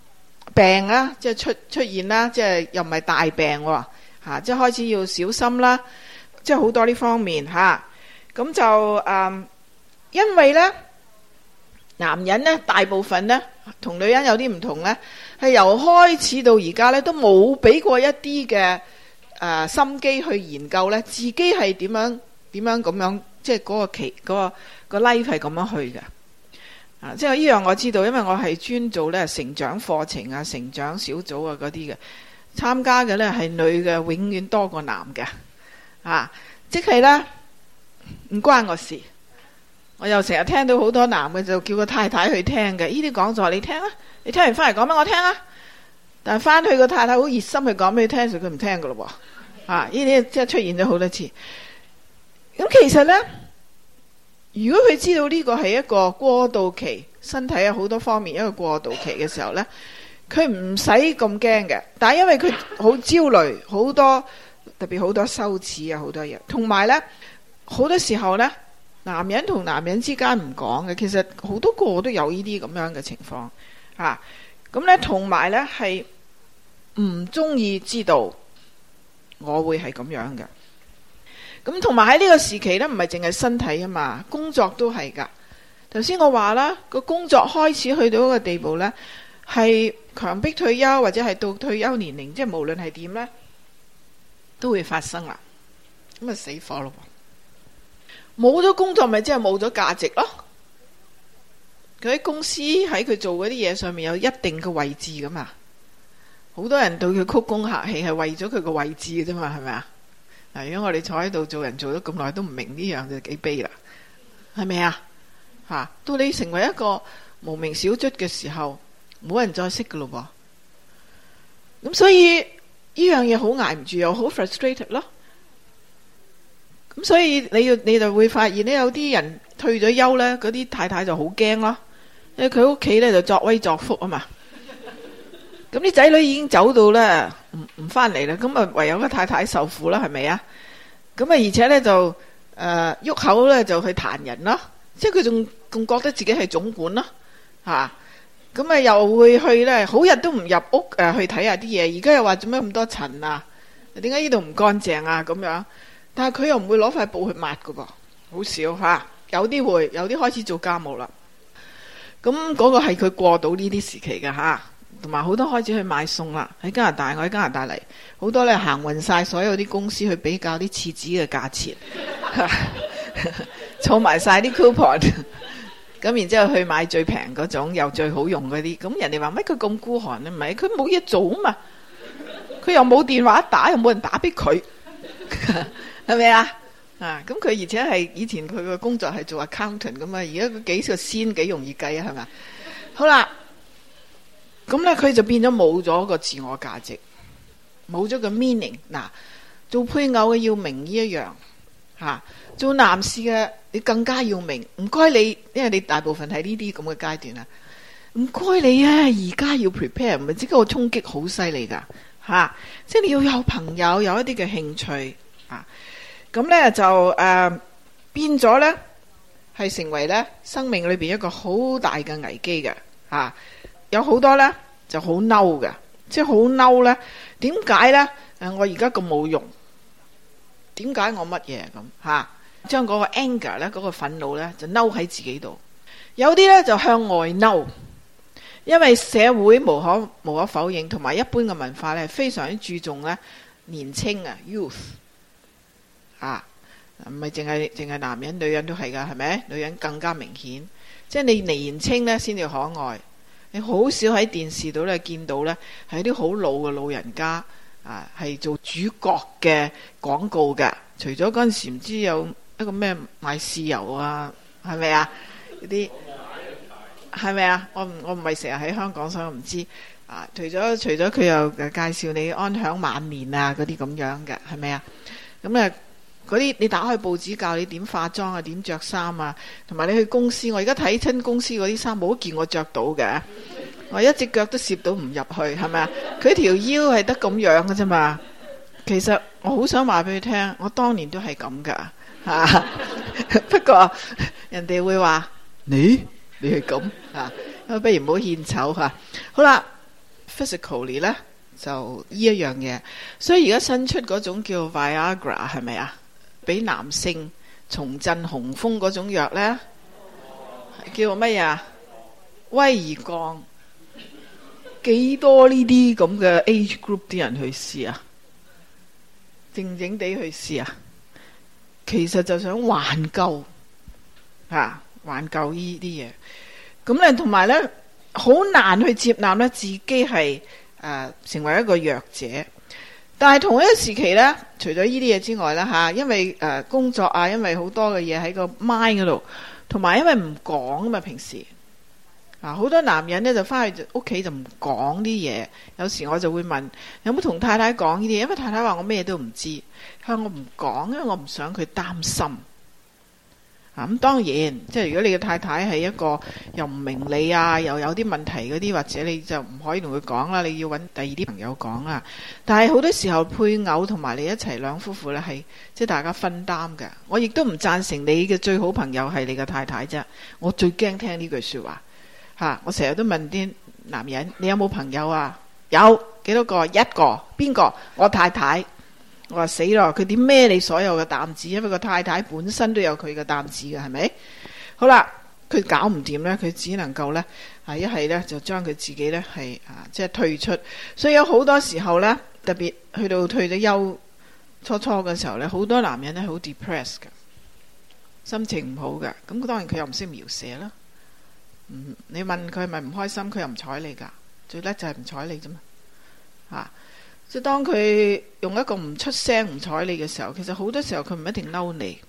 Speaker 1: 病啦，即係出出現啦，即係又唔係大病喎，啊。即係開始要小心啦，即係好多呢方面嚇。咁、啊、就、嗯、因為咧。男人呢，大部分呢，同女人有啲唔同呢，係由開始到而家呢，都冇俾過一啲嘅，誒、呃，心機去研究呢，自己係點樣點樣咁樣，即係、那、嗰個期嗰、那個、那個 life 係咁樣去嘅，啊，即係呢樣我知道，因為我係專做呢成長課程啊、成長小組啊嗰啲嘅，參加嘅呢，係女嘅永遠多過男嘅，啊，即係呢，唔關我事。我又成日聽到好多男嘅就叫個太太去聽嘅，呢啲講座你聽啊，你聽完翻嚟講俾我聽啊。但係翻去個太太好熱心去講俾你聽，所以佢唔聽㗎咯喎。啊，呢啲即係出現咗好多次。咁、嗯、其實呢，如果佢知道呢個係一個過渡期，身體有好多方面，一個過渡期嘅時候呢，佢唔使咁驚嘅。但因為佢好焦慮，好多特別好多羞恥啊，好多嘢。同埋呢好多時候呢。男人同男人之間唔講嘅，其實好多個都有呢啲咁樣嘅情況吓，咁啊呢，同埋呢係唔中意知道我會係咁樣嘅，咁同埋喺呢個時期呢，唔係淨係身體啊嘛，工作都係噶。頭先我話啦，個工作開始去到一個地步呢，係強迫退休或者係到退休年齡，即係無論係點呢，都會發生啦。咁啊死火咯！冇咗工作咪即係冇咗價值咯？佢喺公司喺佢做嗰啲嘢上面有一定嘅位置噶嘛？好多人對佢鞠躬客氣係為咗佢個位置嘅啫嘛？係咪啊？嗱，如果我哋坐喺度做人做咗咁耐都唔明呢樣就幾悲啦，係咪啊？吓，到你成為一個無名小卒嘅時候，冇人再識噶咯噃。咁所以呢樣嘢好挨唔住，又好 frustrated 咯。咁、嗯、所以你又你就會發現咧，有啲人退咗休呢，嗰啲太太就好驚咯。因為佢屋企呢就作威作福啊嘛。咁啲仔女已經走到呢，唔唔返嚟啦。咁啊，唯有個太太受苦啦，係咪啊？咁啊，而且呢，就誒喐、呃、口呢，就去彈人咯。即係佢仲仲覺得自己係總管咯，吓。咁啊，又會去呢，好日都唔入屋誒、呃，去睇下啲嘢。而家又話做咩咁多塵啊？點解呢度唔乾淨啊？咁樣。但係佢又唔會攞塊布去抹嘅噃，好少吓、啊。有啲會，有啲開始做家務啦。咁嗰個係佢過到呢啲時期㗎吓，同埋好多開始去買餸啦。喺加拿大，我喺加拿大嚟，好多咧，行運曬所有啲公司去比較啲廁紙嘅價錢，儲埋曬啲 coupon。咁然之後去買最平嗰種又最好用嗰啲，咁人哋話咩？佢咁孤寒咧，唔係佢冇嘢做啊嘛，佢又冇電話打，又冇人打俾佢。 係咪啊？啊，咁、嗯、佢而且係以前佢嘅工作係做 accountant 咁啊，而家佢幾條先，幾容易計啊，係咪？好啦，咁咧佢就變咗冇咗個自我價值，冇咗個 meaning。嗱，做配偶嘅要明呢一樣吓、啊，做男士嘅你更加要明。唔該你，因為你大部分係呢啲咁嘅階段啊。唔該你啊，而家要 prepare，唔係即係個衝擊好犀利噶吓，即係你要有朋友，有一啲嘅興趣啊。咁咧就誒、呃、變咗咧，係成為咧生命裏邊一個好大嘅危機嘅吓，有好多咧就好嬲嘅，即係好嬲咧，點解咧？誒，我而家咁冇用，點解我乜嘢咁吓？將、啊、嗰個 anger 咧，嗰、嗰個憤怒咧，就嬲喺自己度。有啲咧就向外嬲，因為社會無可無可否認，同埋一般嘅文化咧，非常之注重咧年輕啊，youth。啊，唔係淨係淨係男人，女人都係噶，係咪？女人更加明顯，即係你年青呢先至可愛。你好少喺電視度呢見到呢係啲好老嘅老人家啊，係做主角嘅廣告嘅。除咗嗰陣時唔知有一個咩賣豉油啊，係咪啊？嗰啲係咪啊？我唔我唔係成日喺香港，所以我唔知啊。除咗除咗佢又介紹你安享晚年啊嗰啲咁樣嘅，係咪啊？咁咧。嗰啲你打開報紙教你點化妝啊，點著衫啊，同埋你去公司，我而家睇親公司嗰啲衫，冇一件我著到嘅，我一隻腳都攝到唔入去，係咪啊？佢條腰係得咁樣嘅啫嘛。其實我好想話俾你聽，我當年都係咁嘅嚇。啊、 不過人哋會話你你係咁嚇，啊、我不如唔好獻醜嚇、啊。好啦，physically 呢就呢一樣嘢，所以而家新出嗰種叫 Viagra 係咪啊？俾男性重振雄風嗰種藥呢，叫乜嘢？威而鋼，幾多呢啲咁嘅 age group 啲人去試啊？靜靜地去試啊？其實就想挽救吓、啊，挽救呢啲嘢。咁呢同埋呢，好難去接納呢，自己係誒、呃、成為一個弱者。但係同一時期呢，除咗呢啲嘢之外呢，因為工作啊，因為好多嘅嘢喺個 mind 嗰度，同埋因為唔講嘛平時，啊，好多男人呢，就翻去屋企就唔講啲嘢，有時我就會問有冇同太太講呢啲嘢？因為太太話我咩都唔知，向我唔講，因為我唔想佢擔心。啊咁當然，即係如果你嘅太太係一個又唔明你啊，又有啲問題嗰啲，或者你就唔可以同佢講啦，你要揾第二啲朋友講啊。但係好多時候，配偶同埋你一齊兩夫婦咧，係即係大家分擔嘅。我亦都唔贊成你嘅最好的朋友係你嘅太太啫。我最驚聽呢句說話，啊，我成日都問啲男人，你有冇朋友啊？有幾多個？一個邊個？我太太。我話死咯，佢點孭你所有嘅擔子？因為個太太本身都有佢嘅擔子嘅，係咪？好啦，佢搞唔掂呢，佢只能夠呢，啊一係呢，就將佢自己呢，係啊即係退出。所以有好多時候呢，特別去到退咗休初初嘅時候呢，好多男人呢，好 depressed 噶，心情唔好㗎。咁當然佢又唔識描寫啦。嗯，你問佢係咪唔開心？佢又唔睬你噶，最叻就係唔睬你啫嘛，啊。即係當佢用一個唔出聲唔睬你嘅時候，其實好多時候佢唔一定嬲你，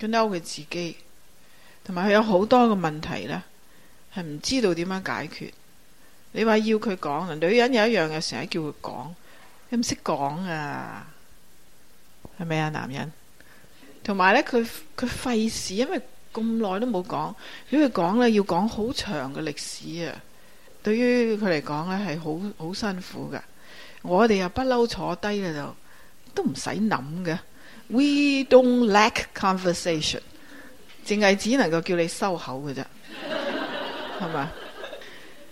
Speaker 1: 佢嬲佢自己，同埋佢有好多嘅問題呢，係唔知道點樣解決。你話要佢講，女人有一樣嘅成日叫佢講，你唔識講啊，係咪啊，男人？同埋呢，佢佢費事，因為咁耐都冇講，如果佢講呢，要講好長嘅歷史啊，對於佢嚟講呢，係好好辛苦嘅。我哋又不嬲坐低嘅就都唔使諗嘅，We don't lack conversation，淨係只能夠叫你收口㗎啫，係嘛？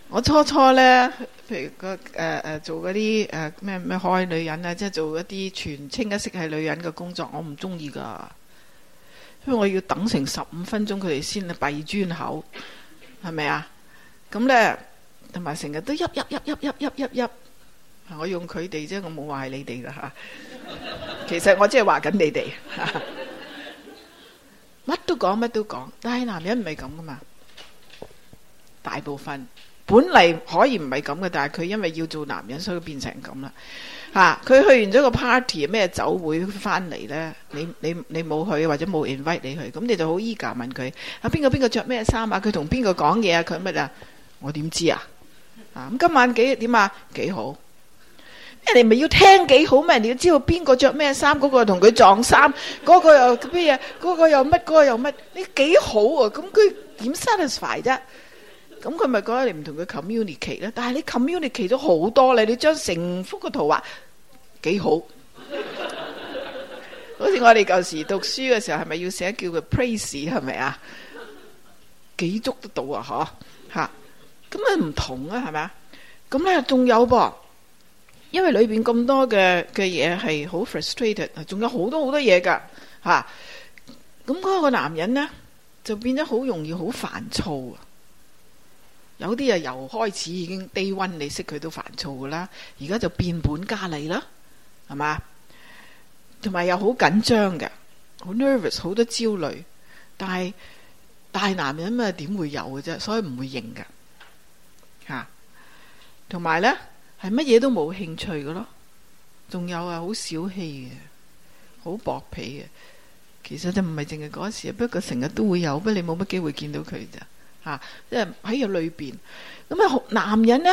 Speaker 1: 我初初咧，譬如誒誒、呃、做嗰啲誒咩咩開女人啊，即係做一啲全清一色係女人嘅工作，我唔中意噶，因為我要等成十五分鐘佢哋先閉磚口，係咪啊？咁咧，同埋成日都入入入入。我用佢哋啫，我冇話你哋噶吓。其實我即係話緊你哋，乜、啊、都講乜都講。但係男人唔係咁噶嘛，大部分本嚟可以唔係咁嘅，但係佢因為要做男人，所以變成咁啦。吓、啊，佢去完咗個 party 咩酒會翻嚟咧？你你你冇去或者冇 invite 你去，咁你就好依家問佢啊，邊個邊個着咩衫啊？佢同邊個講嘢啊？佢乜啊，啊？我點知啊？啊咁今晚幾點啊？幾好？幾好人哋咪要聽幾好咩？你要知道邊個着咩衫，嗰個同佢撞衫，嗰個又咩嘢？嗰個又乜？嗰個又乜？你幾好啊？咁佢點 satisfy 啫？咁佢咪覺得你唔同佢 communicate 咧？但係你 communicate 咗好多你將成幅個圖畫幾好？ 好似我哋舊時讀書嘅時候，係咪要寫叫佢 praise？係咪啊？幾捉得到啊？嗬吓，咁啊唔同啊，係嘛？咁咧仲有噃、啊？因為裏邊咁多嘅嘅嘢係好 frustrated，仲有好多好多嘢噶吓，咁嗰個男人呢，就變得好容易好煩躁啊，有啲啊由開始已經低温，你識佢都煩躁噶啦，而家就變本加厲啦，係嘛，同埋又好緊張嘅，好 nervous，好多焦慮，但係大男人啊點會有嘅啫，所以唔會認噶吓，同埋呢。係乜嘢都冇興趣嘅咯，仲有啊，好小氣嘅，好薄皮嘅。其實就唔係淨係嗰時，不過成日都會有，不過你冇乜機會見到佢咋吓。即係喺入裏邊咁啊，就是，男人呢，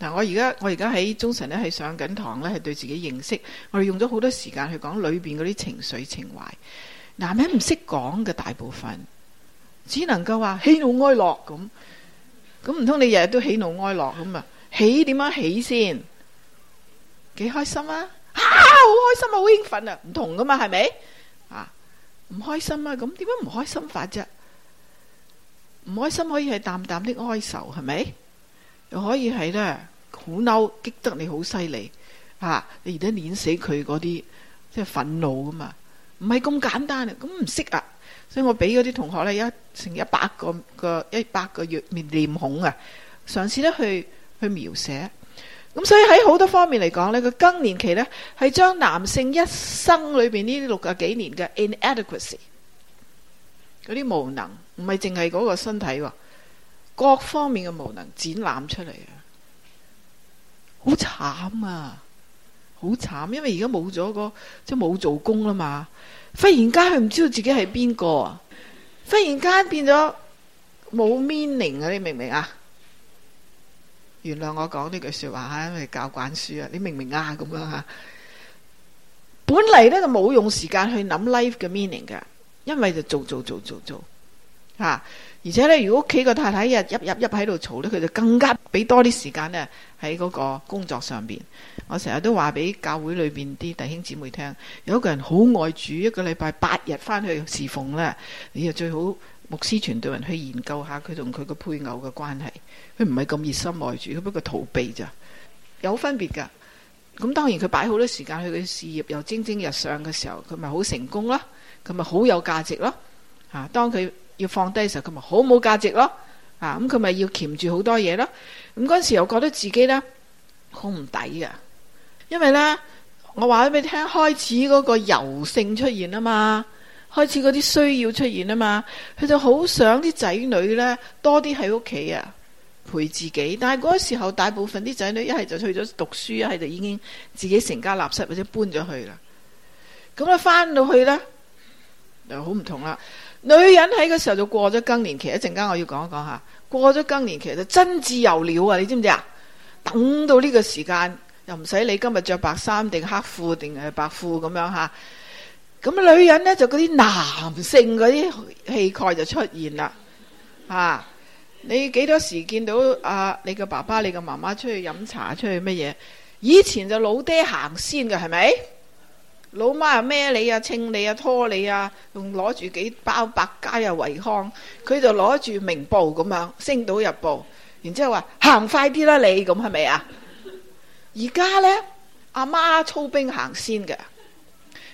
Speaker 1: 嗱，啊，我而家我而家喺中神咧，係上緊堂咧，係對自己認識。我哋用咗好多時間去講裏邊嗰啲情緒情懷。男人唔識講嘅大部分，只能夠話喜怒哀樂咁。咁唔通你日日都喜怒哀樂咁啊？起點樣起先？幾開心啊！啊，好開心啊，好興奮啊，唔同噶嘛，係咪啊？唔開心啊，咁點樣唔開心法啫？唔開心可以係淡淡的哀愁，係咪？又可以係咧，好嬲，激得你好犀利啊！你而家捏死佢嗰啲，即係憤怒噶嘛？唔係咁簡單啊，咁唔識啊，所以我俾嗰啲同學咧，一成一百個個一百個月面臉孔啊，嘗試咧去。去描寫，咁所以喺好多方面嚟講呢個更年期呢係將男性一生裏邊呢六十幾年嘅 inadequacy 嗰啲無能，唔係淨係嗰個身體，各方面嘅無能展覽出嚟啊！好慘啊，好慘！因為而家冇咗個即係冇做工啦嘛，忽然間佢唔知道自己係邊個啊，忽然間變咗冇 meaning 啊！你明唔明啊？原諒我講呢句說話吓，因為教慣書啊，你明唔明啊咁樣吓。本嚟咧就冇用時間去諗 life 嘅 meaning 嘅，因為就做做做做做吓、啊。而且咧，如果屋企個太太日日日日喺度嘈咧，佢就更加俾多啲時間呢喺嗰個工作上邊。我成日都話俾教會裏邊啲弟兄姊妹聽，有一個人好愛主，一個禮拜八日翻去侍奉咧，你就最好。牧師全隊人去研究下佢同佢個配偶嘅關係，佢唔係咁熱心愛主，佢不過逃避咋，有很分別噶。咁當然佢擺好多時間去佢事業又蒸蒸日上嘅時候，佢咪好成功咯，佢咪好有價值咯。吓，當佢要放低嘅時候，佢咪好冇價值咯。啊，咁佢咪要鉗住好多嘢咯。咁嗰時又覺得自己呢，好唔抵啊，因為呢，我話咗俾你聽，開始嗰個柔性出現啊嘛。開始嗰啲需要出現啊嘛，佢就好想啲仔女呢，多啲喺屋企啊陪自己。但係嗰個時候，大部分啲仔女一係就去咗讀書，一係就已經自己成家立室或者搬咗去啦。咁咧翻到去呢，又好唔同啦。女人喺嗰時候就過咗更年期，一陣間我要講一講吓。過咗更年期就真自由了啊！你知唔知啊？等到呢個時間又唔使你今日着白衫定黑褲定係白褲咁樣吓。咁女人呢，就嗰啲男性嗰啲氣概就出現啦，啊！你幾多時見到啊？你嘅爸爸、你嘅媽媽出去飲茶、出去乜嘢？以前就老爹行先嘅，係咪？老媽又孭你啊、稱你啊、拖你啊，仲攞住幾包百佳啊、維康，佢就攞住明報咁樣星島日報，然之後話行快啲啦，你咁係咪啊？而家呢，阿媽操兵行先嘅。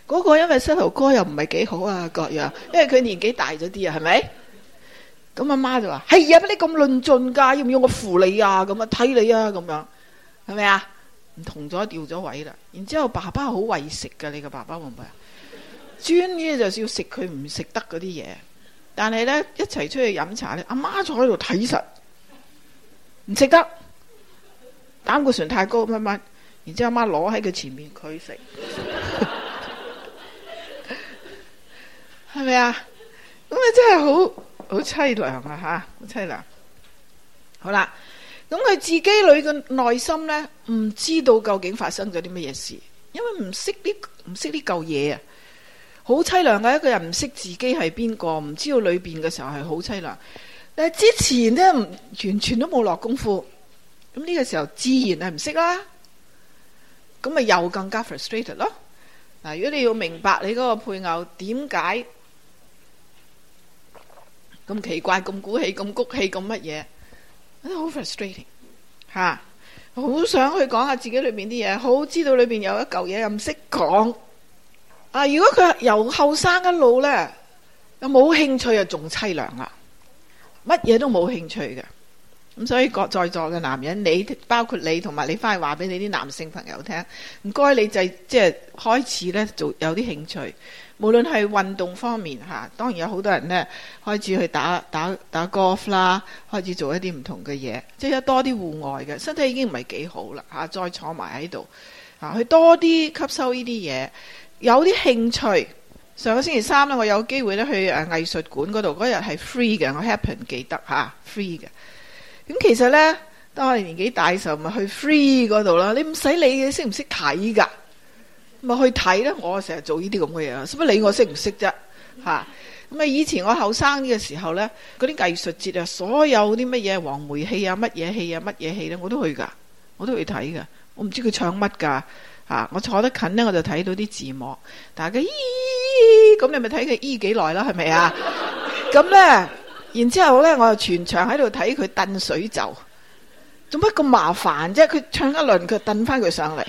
Speaker 1: 嗰個因為膝頭哥又唔係幾好啊，各樣，因為佢年紀大咗啲啊，係咪？咁阿媽就話，係啊，你咁論盡噶，要唔要我扶你啊？咁啊，睇你啊，咁樣，係咪啊？唔同咗，掉咗位啦。然之後爸爸好為食噶，你個爸爸會唔會？ 專呢就係要食佢唔食得嗰啲嘢，但係咧一齊出去飲茶咧，阿媽坐喺度睇實，唔食得，膽固醇太高乜乜。然之後阿媽攞喺佢前面，佢食。 係咪啊？咁你真係好好淒涼啊吓，好淒涼。好啦，咁佢自己女嘅內心呢，唔知道究竟發生咗啲乜嘢事，因為唔識呢唔識呢舊嘢啊，好淒涼嘅一個人唔識自己係邊個，唔知道裏邊嘅時候係好淒涼。但係之前呢，完全都冇落功夫，咁呢個時候自然係唔識啦。咁咪又更加 frustrated 咯。嗱，如果你要明白你嗰個配偶點解？為什麼咁奇怪，咁鼓氣，咁谷氣，咁乜嘢？啊，好 frustrating 吓！好想去講下自己裏面啲嘢，好知道裏面有一嚿嘢又唔識講。啊，如果佢由後生一路呢，又冇興趣啊，仲凄涼啦！乜嘢都冇興趣嘅。咁所以各在座嘅男人，你包括你同埋你翻去話俾你啲男性朋友聽，唔該你就即係開始呢就有啲興趣。無論係運動方面嚇當然有好多人呢開始去打打打 golf 啦，開始做一啲唔同嘅嘢，即係有多啲戶外嘅身體已經唔係幾好啦嚇再坐埋喺度去多啲吸收呢啲嘢，有啲興趣。上個星期三咧，我有機會咧去誒藝術館嗰度，嗰日係 free 嘅，我 happen 記得嚇 free 嘅。咁其實呢，當我年紀大嘅時候咪去 free 嗰度啦，你唔使理嘅，識唔識睇㗎？咪去睇咧！我成日做呢啲咁嘅嘢，使乜理我識唔識啫？吓，咁 啊，以前我後生嘅時候咧，嗰啲藝術節啊，所有啲乜嘢黃梅戲啊，乜嘢戲啊，乜嘢戲咧，我都去噶，我都去睇噶。我唔知佢唱乜噶吓，我坐得近咧，我就睇到啲字幕。但係佢咦，咁，你咪睇佢咦幾耐啦？係咪啊？咁咧， 然之後咧，我又全場喺度睇佢蹬水袖，做乜咁麻煩啫？佢唱一輪，佢蹬翻佢上嚟。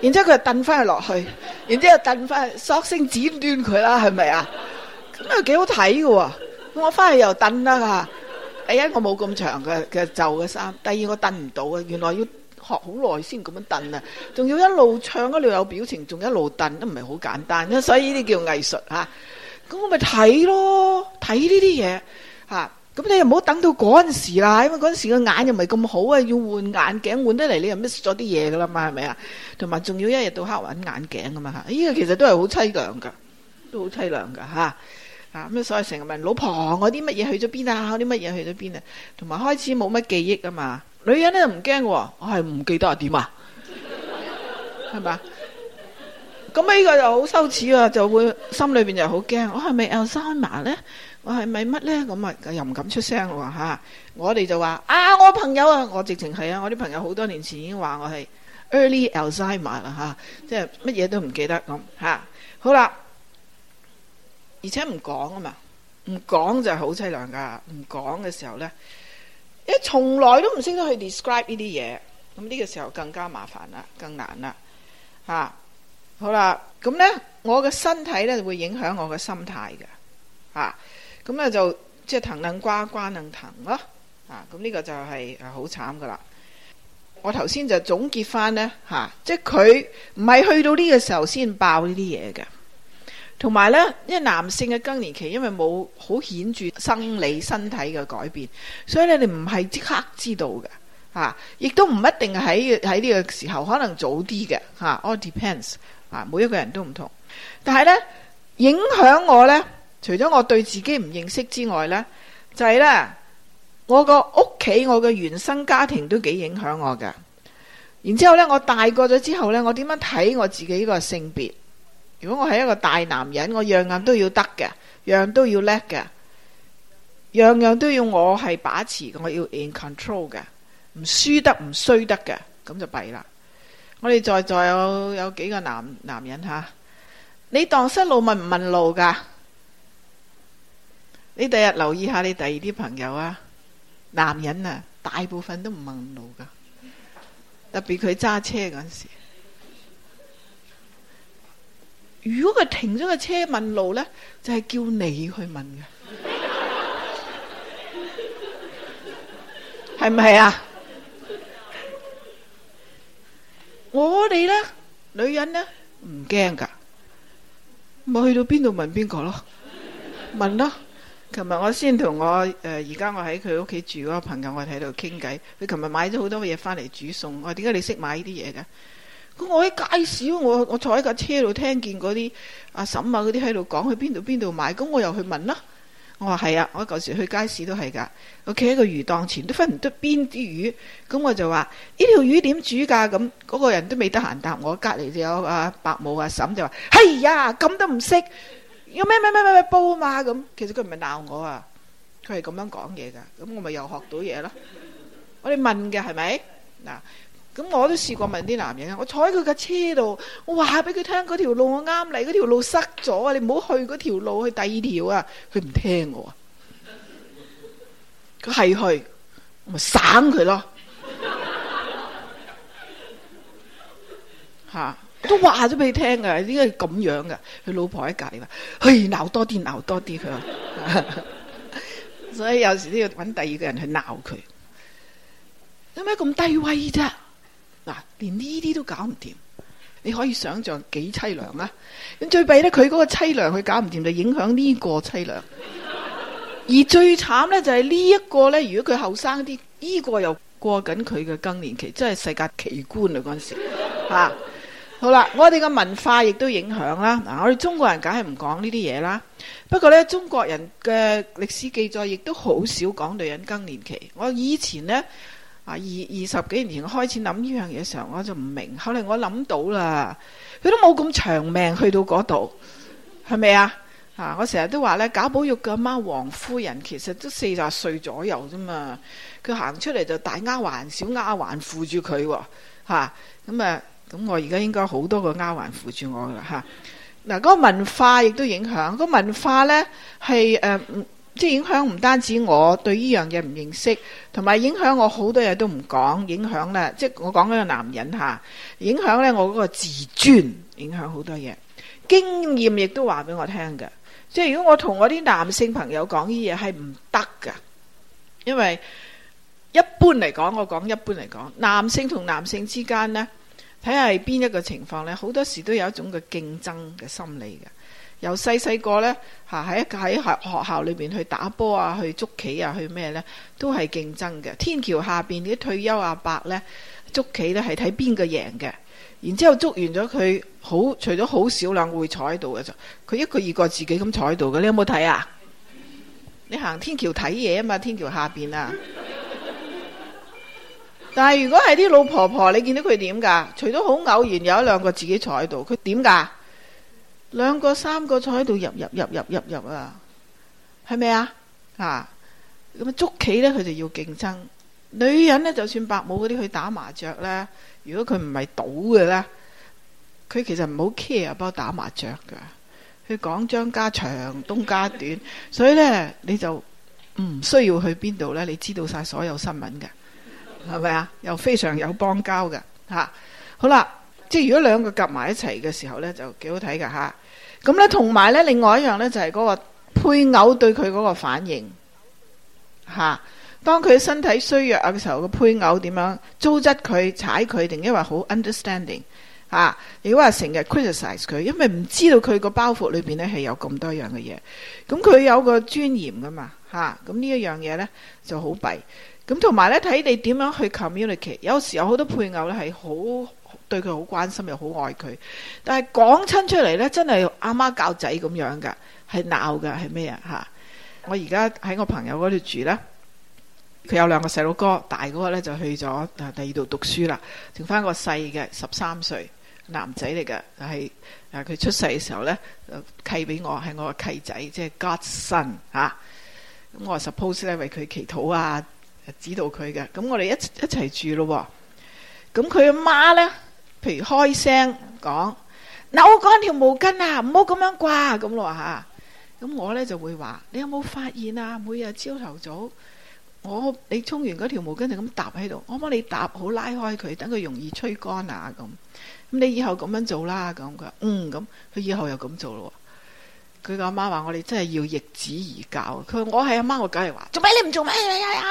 Speaker 1: 然之後佢就掟翻落去，然之後掟翻，索性剪斷佢啦，係咪啊？咁又幾好睇嘅喎！我返去又掟啦。第一我冇咁長嘅嘅袖嘅衫，第二我掟唔到。原來要學好耐先咁樣掟啊！仲要一路唱一路有表情，仲一路掟，都唔係好簡單。所以呢啲叫藝術嚇。啊、咁我咪睇囉，睇呢啲嘢。咁你又唔好等到嗰陣時啦，因為嗰陣時個眼又唔係咁好啊，要換眼鏡換得嚟，你又 miss 咗啲嘢噶啦嘛，係咪啊？同埋仲要一日到黑玩眼鏡㗎嘛，呢、哎、個其實都係好淒涼噶，都好淒涼噶吓啊！咁、啊、所以成日問老婆我啲乜嘢去咗邊啊，我啲乜嘢去咗邊啊？同埋開始冇乜記憶啊嘛，女人咧唔驚，我係唔記得點啊，係 嘛？咁啊，呢個就好羞恥啊，就會心裏邊就好驚，我係咪 Alzheimer 嘛咧？是我係咪乜呢？咁啊，又唔敢出聲喎吓！我哋就話啊，我朋友啊，我直情係啊！我啲朋友好多年前已經話我係 early Alzheimer 啦、啊、吓，即係乜嘢都唔記得咁吓、啊。好啦，而且唔講啊嘛，唔講就好淒涼噶。唔講嘅時候呢，因為從來都唔識得去 describe 呢啲嘢。咁呢個時候更加麻煩啦，更難啦吓、啊。好啦，咁呢，我嘅身體呢會影響我嘅心態嘅吓。啊咁咧就即係、就是、藤能瓜，瓜能藤咯，啊！咁、這、呢個就係好慘噶啦。我頭先就總結翻呢，吓、啊，即係佢唔係去到呢個時候先爆呢啲嘢嘅，同埋呢，因為男性嘅更年期，因為冇好顯著生理身體嘅改變，所以你哋唔係即刻知道嘅，吓、啊，亦都唔一定喺喺呢個時候，可能早啲嘅，吓、啊、All depends，啊，每一個人都唔同，但係呢，影響我呢。除咗我對自己唔認識之外呢，就係呢，我個屋企、我嘅原生家庭都幾影響我嘅。然之後呢，我大個咗之後呢，我點樣睇我自己個性別？如果我係一個大男人，我樣樣都要得嘅，樣樣都要叻嘅，樣樣都要我係把持，我要 in control 嘅，唔輸得唔衰得嘅，咁就弊啦。我哋在座有有幾個男男人吓，你蕩失路問唔問路噶？你第一留意下你第二啲朋友啊，男人啊，大部分都唔問路㗎。特別佢揸車嗰陣時，如果佢停咗個車問路呢，就係、是、叫你去問㗎。係咪係啊？ 我哋呢，女人呢，唔驚㗎。咪去到邊度問邊個囉？問咯。琴日我先同我誒，而家我喺佢屋企住嗰個朋友，我喺度傾偈。佢琴日買咗好多嘢翻嚟煮餸。我，點解你識買呢啲嘢噶？咁我喺街市，我我坐喺架車度聽見嗰啲阿嬸啊，嗰啲喺度講去邊度邊度買。咁我又去問啦。我話係啊，我舊時去街市都係噶。我企喺個魚檔前，都分唔得邊啲魚。咁我就話呢條魚點煮噶？咁嗰個人都未得閒答我。隔籬就有阿伯母阿嬸就話：係呀，咁都唔識。有咩咩咩咩煲啊嘛咁。其實佢唔係鬧我啊，佢係咁樣講嘢噶，咁我咪又學到嘢咯。我哋問嘅係咪？嗱，咁我都試過問啲男人啊，我坐喺佢架車度，我話俾佢聽嗰條路我啱嚟，嗰條路塞咗啊，你唔好去嗰條路，去第二條啊，佢唔聽我啊，佢係去，我咪省佢咯，吓。都話咗俾你聽噶，應該咁樣噶。佢老婆喺隔離話：去、哎、鬧多啲，鬧多啲。佢話， 所以有時都要揾第二個人去鬧佢。有咩咁低威啫？嗱，連呢啲都搞唔掂，你可以想象幾淒涼啊！咁最弊咧，佢嗰個淒涼，佢搞唔掂就影響呢個淒涼。而最慘咧就係呢一個咧，如果佢後生啲，呢、呢個又過緊佢嘅更年期，真係世界奇觀啊！嗰陣時， 好啦，我哋嘅文化亦都影響啦。嗱，啊，我哋中國人梗係唔講呢啲嘢啦。不過呢，中國人嘅歷史記載亦都好少講女人更年期。我以前呢，啊二二十幾年前開始諗呢樣嘢嘅時候，我就唔明。後嚟我諗到啦，佢都冇咁長命去到嗰度，係咪啊？啊，我成日都話呢，賈寶玉嘅阿媽王夫人其實都四十歲左右啫嘛。佢行出嚟就大丫環小丫環扶住佢，吓咁啊。咁我而家應該好多個丫鬟扶住我噶啦嚇。嗱、啊，嗰、嗰個文化亦都影響，嗰個文化呢，係、呃、即係影響唔單止我對呢樣嘢唔認識，同埋影響我好多嘢都唔講，影響呢，即係我講嗰個男人下，影響咧我嗰個自尊，影響好多嘢。經驗亦都話俾我聽㗎。即係如果我同我啲男性朋友講呢嘢係唔得㗎！因為一般嚟講，我講一般嚟講，男性同男性之間呢。睇下邊一個情況呢？好多時都有一種嘅競爭嘅心理嘅。由細細個呢，嚇喺喺學校裏邊去打波啊，去捉棋啊，去咩呢？都係競爭嘅。天橋下邊啲退休阿伯呢，捉棋呢係睇邊個贏嘅。然之後捉完咗佢，好除咗好少兩會坐喺度嘅就，佢一個二個自己咁坐喺度嘅。你有冇睇啊？你行天橋睇嘢啊嘛，天橋下邊啊。但係如果係啲老婆婆，你見到佢點噶？除咗好偶然有一兩個自己坐喺度，佢點噶？兩個、三個坐喺度入入入入入入啊，係咪啊？吓咁捉棋呢，佢就要競爭。女人呢，就算伯母嗰啲去打麻雀呢，如果佢唔係賭嘅呢，佢其實唔好 care 幫打麻雀噶。佢講張家長，東家短，所以呢，你就唔需要去邊度呢？你知道晒所有新聞嘅。係咪啊？又非常有邦交嘅吓，好啦，即係如果兩個夾埋一齊嘅時候呢，就幾好睇噶吓。咁呢，同埋呢另外一樣呢，就係、是、嗰個配偶對佢嗰個反應吓。當佢身體衰弱啊嘅時候，個配偶點樣糟質佢、踩佢，定因為好 understanding 吓？如果話成日 criticise 佢，因為唔知道佢個包袱裏邊呢係有咁多樣嘅嘢，咁、嗯、佢有個尊嚴噶嘛吓。咁呢、嗯、一樣嘢呢，就好弊。咁同埋咧，睇你點樣去 communicate。有時候有好多配偶咧，係好對佢好關心，又好愛佢。但係講親出嚟咧，真係阿媽教仔咁樣噶，係鬧噶，係咩啊？嚇！我而家喺我朋友嗰度住咧，佢有兩個細佬哥，大嗰個咧就去咗第二度讀書啦，剩翻個細嘅十三歲男仔嚟嘅，係啊佢出世嘅時候咧，契俾我係我嘅契仔，即係 Godson 嚇，咁我 suppose 咧為佢祈禱啊。指導佢嘅，咁我哋一一齊住咯。咁佢阿媽呢，譬如開聲講：扭乾條毛巾啊，唔好咁樣掛咁咯吓。咁、啊、我呢就會話：你有冇發現啊？每日朝頭早，我你沖完嗰條毛巾就咁搭喺度，我幫你搭好拉開佢，等佢容易吹乾啊。咁，咁你以後咁樣做啦。咁佢嗯咁，佢以後又咁做咯。佢個阿媽話：我哋真係要逆子而教。佢話我係阿媽，媽我，我梗係話做咩你唔做咩呀呀呀！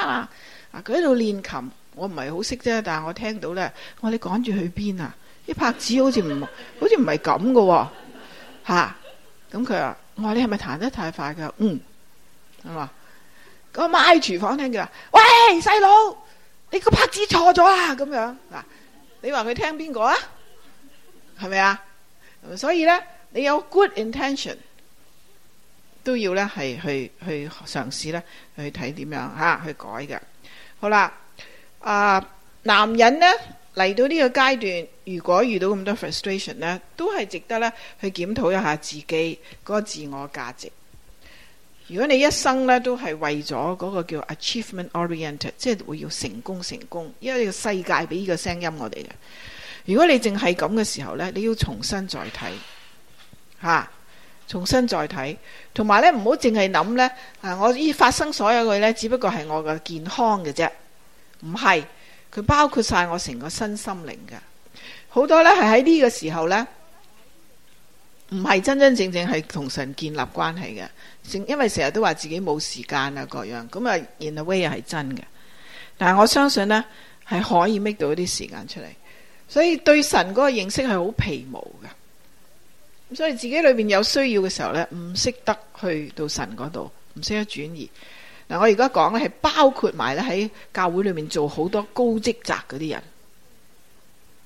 Speaker 1: 啊佢喺度練琴，我唔係好識啫，但係我聽到咧，我話你趕住去邊啊？啲拍子好似唔 好似唔係咁噶，吓咁佢話：「我話你係咪彈得太快㗎？」嗯，係、啊、咪？個阿媽喺廚房聽佢話，喂細佬，你個拍子錯咗啦！咁樣嗱，你話佢聽邊個啊？係咪啊？所以咧，你有 good intention。都要咧，係去去嘗試咧，去睇點樣吓去改嘅。好啦，啊、呃、男人呢，嚟到呢個階段，如果遇到咁多 frustration 呢，都係值得咧，去檢討一下自己嗰個自我價值。如果你一生呢，都係為咗嗰個叫 achievement oriented，即係會要成功成功，因為呢個世界俾呢個聲音我哋嘅。如果你淨係咁嘅時候呢，你要重新再睇吓。啊重新再睇，同埋咧唔好淨係諗呢，啊！我依發生所有嘅呢，只不過係我嘅健康嘅啫，唔係佢包括晒我成個身心靈嘅，好多呢係喺呢個時候呢，唔係真真正正係同神建立關係嘅，成因為成日都話自己冇時間啊各樣，咁啊 in a way 係真嘅，但係我相信呢，係可以搣到啲時間出嚟，所以對神嗰個認識係好皮毛嘅。所以自己裏面有需要嘅時候呢，唔識得去到神嗰度，唔識得轉移。嗱，我而家講呢，係包括埋呢喺教會裏面做好多高職責嗰啲人，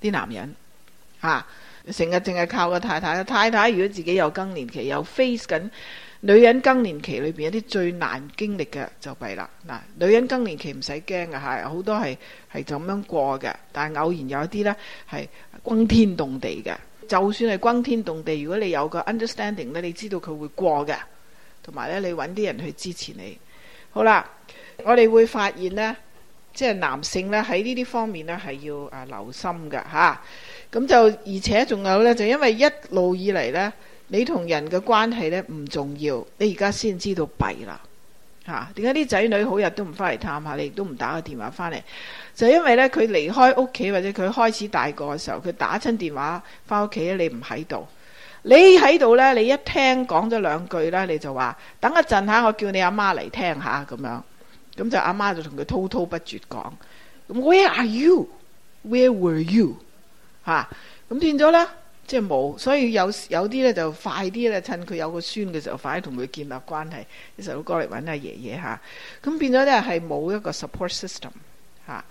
Speaker 1: 啲男人成日淨係靠個太太。太太如果自己有更年期，又 face 緊女人更年期裏邊有啲最難經歷嘅就弊啦。嗱、啊，女人更年期唔使驚噶吓，好多係係咁樣過嘅。但係偶然有一啲呢，係轟天動地嘅。就算係轟天動地，如果你有個 understanding 呢，你知道佢會過嘅，同埋呢，你揾啲人去支持你。好啦，我哋會發現呢，即係男性呢喺呢啲方面呢係要啊留心嘅吓，咁、啊、就而且仲有呢，就因為一路以嚟呢，你同人嘅關係呢唔重要，你而家先知道弊啦。吓、啊，點解啲仔女好日都唔翻嚟探下，你亦都唔打個電話翻嚟？就因為呢，佢離開屋企或者佢開始大個嘅時候，佢打親電話翻屋企咧，你唔喺度，你喺度呢？你一聽講咗兩句呢，你就話等一陣吓，我叫你阿媽嚟聽下咁樣，咁就阿媽就同佢滔滔不絕講咁。Where are you? Where were you？吓，咁變咗咧。即係冇，所以有有啲咧就快啲咧，趁佢有個孫嘅時候，快啲同佢建立關係。啲細佬嚟搵下爺爺吓，咁、啊、變咗咧係冇一個 support system 吓、啊，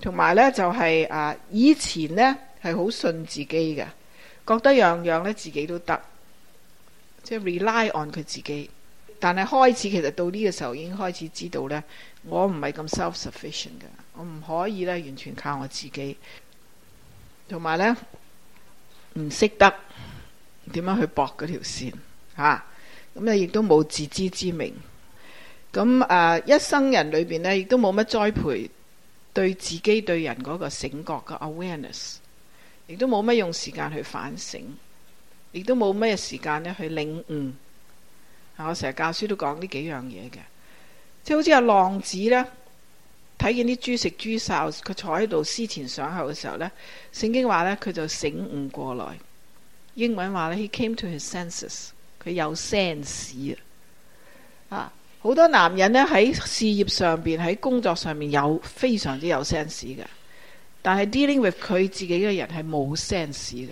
Speaker 1: 同埋咧就係、是、啊以前咧係好信自己嘅，覺得樣樣咧自己都得，即、就、係、是、rely on 佢自己。但係開始其實到呢個時候已經開始知道咧，我唔係咁 self-sufficient 嘅，我唔可以咧完全靠我自己。同埋咧。.唔識得點樣去駁嗰條線吓，咁你亦都冇自知之明。咁、啊、誒，一生人裏邊呢，亦都冇乜栽培對自己對人嗰個醒覺嘅 awareness，亦都冇乜用時間去反省，亦都冇乜時間咧去領悟。啊，我成日教書都講呢幾樣嘢嘅，即係好似阿浪子呢。睇見啲豬食豬潲，佢坐喺度思前想後嘅時候呢，聖經話呢，佢就醒悟過來。英文話呢 He came to his senses。佢有 sense 啊！啊，好多男人呢，喺事業上邊、喺工作上面有非常之有 sense 嘅，但係 dealing with 佢自己嘅人係冇 sense 嘅。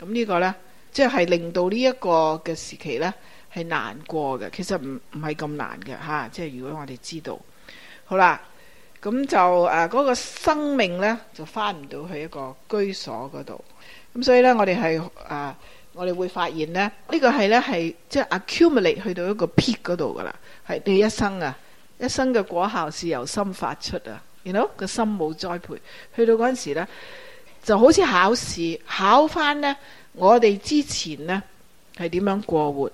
Speaker 1: 咁呢個呢，即係令到呢一個嘅時期呢，係難過嘅。其實唔唔係咁難嘅吓、啊，即係如果我哋知道。好啦，咁就嗰、啊嗰個生命呢，就翻唔到去一個居所嗰度，咁所以呢，我哋係、啊、我哋會發現呢，呢、呢個係呢，係即係 accumulate 去到一個 peak 嗰度噶啦，係你一生啊，一生嘅果效是由心發出啊，you know 個心冇栽培，去到嗰陣時呢，就好似考試考翻呢，我哋之前呢，係點樣過活？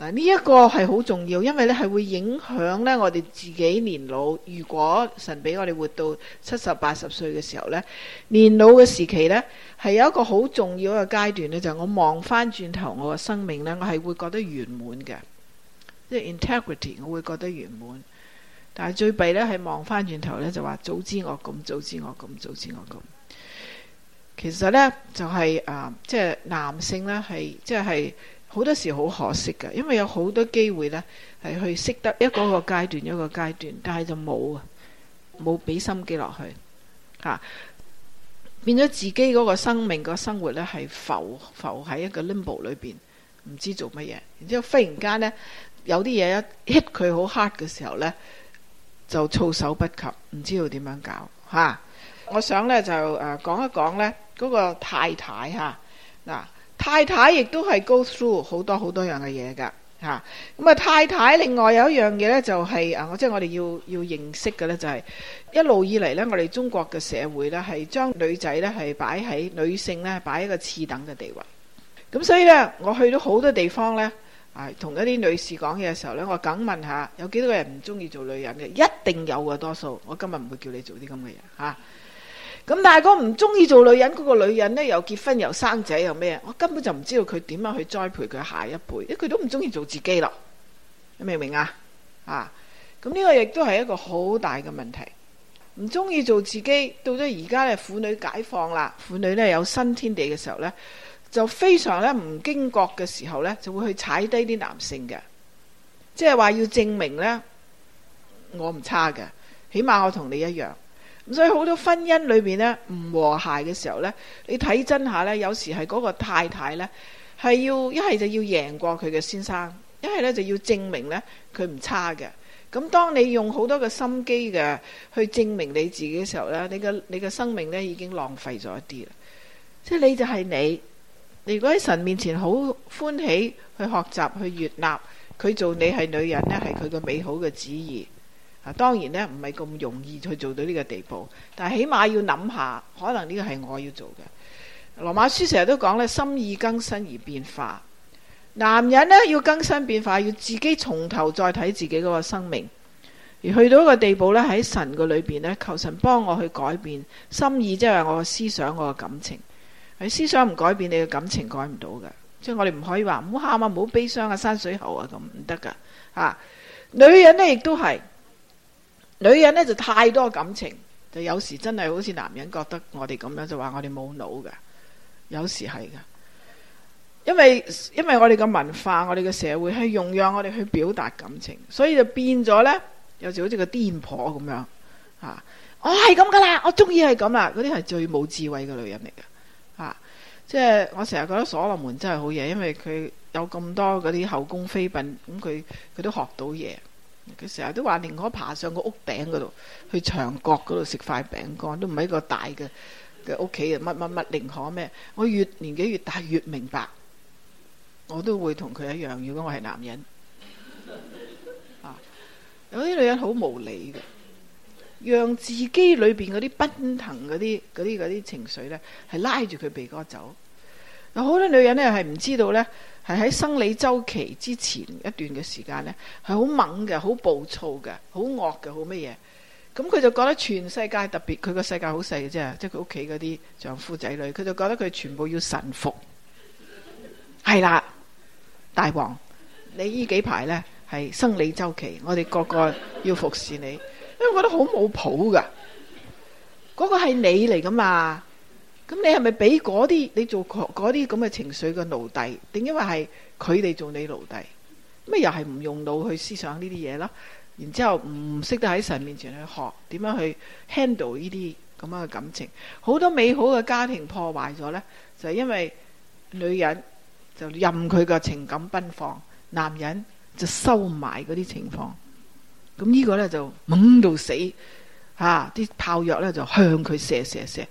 Speaker 1: 嗱，呢一個係好重要，因為咧係會影響咧我哋自己年老。如果神俾我哋活到七十八十歲嘅時候咧，年老嘅時期咧係有一個好重要嘅階段咧，就係我望翻轉頭我嘅生命咧，我係會覺得圓滿嘅，即係 integrity，我會覺得圓滿。但係最弊咧係望翻轉頭咧就話早知我咁，早知我咁，早知我咁。其實咧就係誒，即係男性咧係即係。就是好多時好可惜嘅，因為有好多機會呢係去識得一個一個階段一個階段，但係就冇啊，冇俾心機落去，吓，變咗自己嗰個生命，個生活呢係浮浮喺一個 limbo 裏邊，唔知做乜嘢，然之後忽然間呢，有啲嘢一 hit 佢好 hard 嘅時候呢，就措手不及，唔知道點樣搞，吓、啊，我想呢，就誒、呃、講一講呢嗰、嗰個太太吓，嗱、啊。啊太太亦都係 go through 好多好多樣嘅嘢㗎，嚇，咁啊，太太另外有一樣嘢呢，就係啊，即係我哋要要認識嘅呢、就係，就係一路以嚟呢，我哋中國嘅社會呢，係將女仔呢係擺喺女性呢擺一個次等嘅地位，咁、啊、所以呢，我去到好多地方呢，啊，同一啲女士講嘢嘅時候呢，我梗問下有幾多個人唔中意做女人嘅？一定有嘅多數，我今日唔會叫你做啲咁嘅嘢嚇咁但係我唔中意做女人，嗰個女人呢，又結婚又生仔又咩？我根本就唔知道佢點樣去栽培佢下一輩，佢都唔中意做自己咯，你明唔明啊？啊！咁呢個亦都係一個好大嘅問題。唔中意做自己，到咗而家呢，婦女解放啦，婦女呢有新天地嘅時候呢，就非常呢唔經覺嘅時候呢，就會去踩低啲男性嘅，即係話要證明呢，我唔差嘅，起碼我同你一樣。所以好多婚姻裏邊呢，唔和諧嘅時候呢，你睇真下呢，有時係嗰個太太呢，係要一係就要贏過佢嘅先生，一係呢就要證明呢，佢唔差嘅。咁當你用好多嘅心機嘅去證明你自己嘅時候呢，你嘅你嘅生命呢已經浪費咗一啲啦。即係你就係你，你如果喺神面前好歡喜去學習去悅納佢做你係女人呢，係佢嘅美好嘅旨意。啊，當然呢，唔係咁容易去做到呢個地步，但係起碼要諗下，可能呢個係我要做嘅。羅馬書成日都講呢，心意更新而變化。男人呢要更新變化，要自己從頭再睇自己嗰個生命，而去到一個地步呢，喺神嘅裏面呢，求神幫我去改變心意，即係我嘅思想，我嘅感情。你思想唔改變，你嘅感情改唔到嘅。即係我哋唔可以話唔好喊啊，唔好悲傷啊，山水喉啊咁唔得噶。嚇，女人呢亦都係。女人呢就太多感情，就有時真係好似男人覺得我哋咁樣，就話我哋冇腦嘅。有時係噶，因為因為我哋嘅文化，我哋嘅社會係容讓我哋去表達感情，所以就變咗呢，有時好似個癲婆咁樣，我係咁噶啦，我中意係咁啦，嗰啲係最冇智慧嘅女人嚟㗎。啊，即係我成日覺得所羅門真係好嘢，因為佢有咁多嗰啲後宮妃嬪，咁佢佢都學到嘢。佢成日都話寧可爬上個屋頂嗰度，去牆角嗰度食塊餅乾，都唔係一個大嘅嘅屋企啊！乜乜乜寧可咩？我越年紀越大越明白，我都會同佢一樣。如果我係男人、 啊、有啲女人好無理嘅，讓自己裏邊嗰啲奔騰嗰啲啲啲情緒呢，係拉住佢鼻哥走。有好多女人呢，係唔知道呢。係喺生理周期之前一段嘅時間呢係好猛嘅，好暴躁嘅，好惡嘅，好乜嘢？咁佢就覺得全世界特別，佢個世界好細嘅啫，即係佢屋企嗰啲丈夫仔女，佢就覺得佢全部要臣服。係啦，大王，你呢幾排呢係生理周期，我哋個個要服侍你，因為我覺得好冇譜噶，嗰個係你嚟噶嘛。咁你係咪俾嗰啲你做嗰啲咁嘅情緒嘅奴隸？定因為係佢哋做你奴隸？咁又係唔用腦去思想呢啲嘢咯？然之後唔識得喺神面前去學點樣去 handle 呢啲咁樣嘅感情，好多美好嘅家庭破壞咗呢，就係、是、因為女人就任佢嘅情感奔放，男人就收埋嗰啲情況。咁、這、呢個呢，就懵到死，吓、啊、啲炮藥呢，就向佢射射射。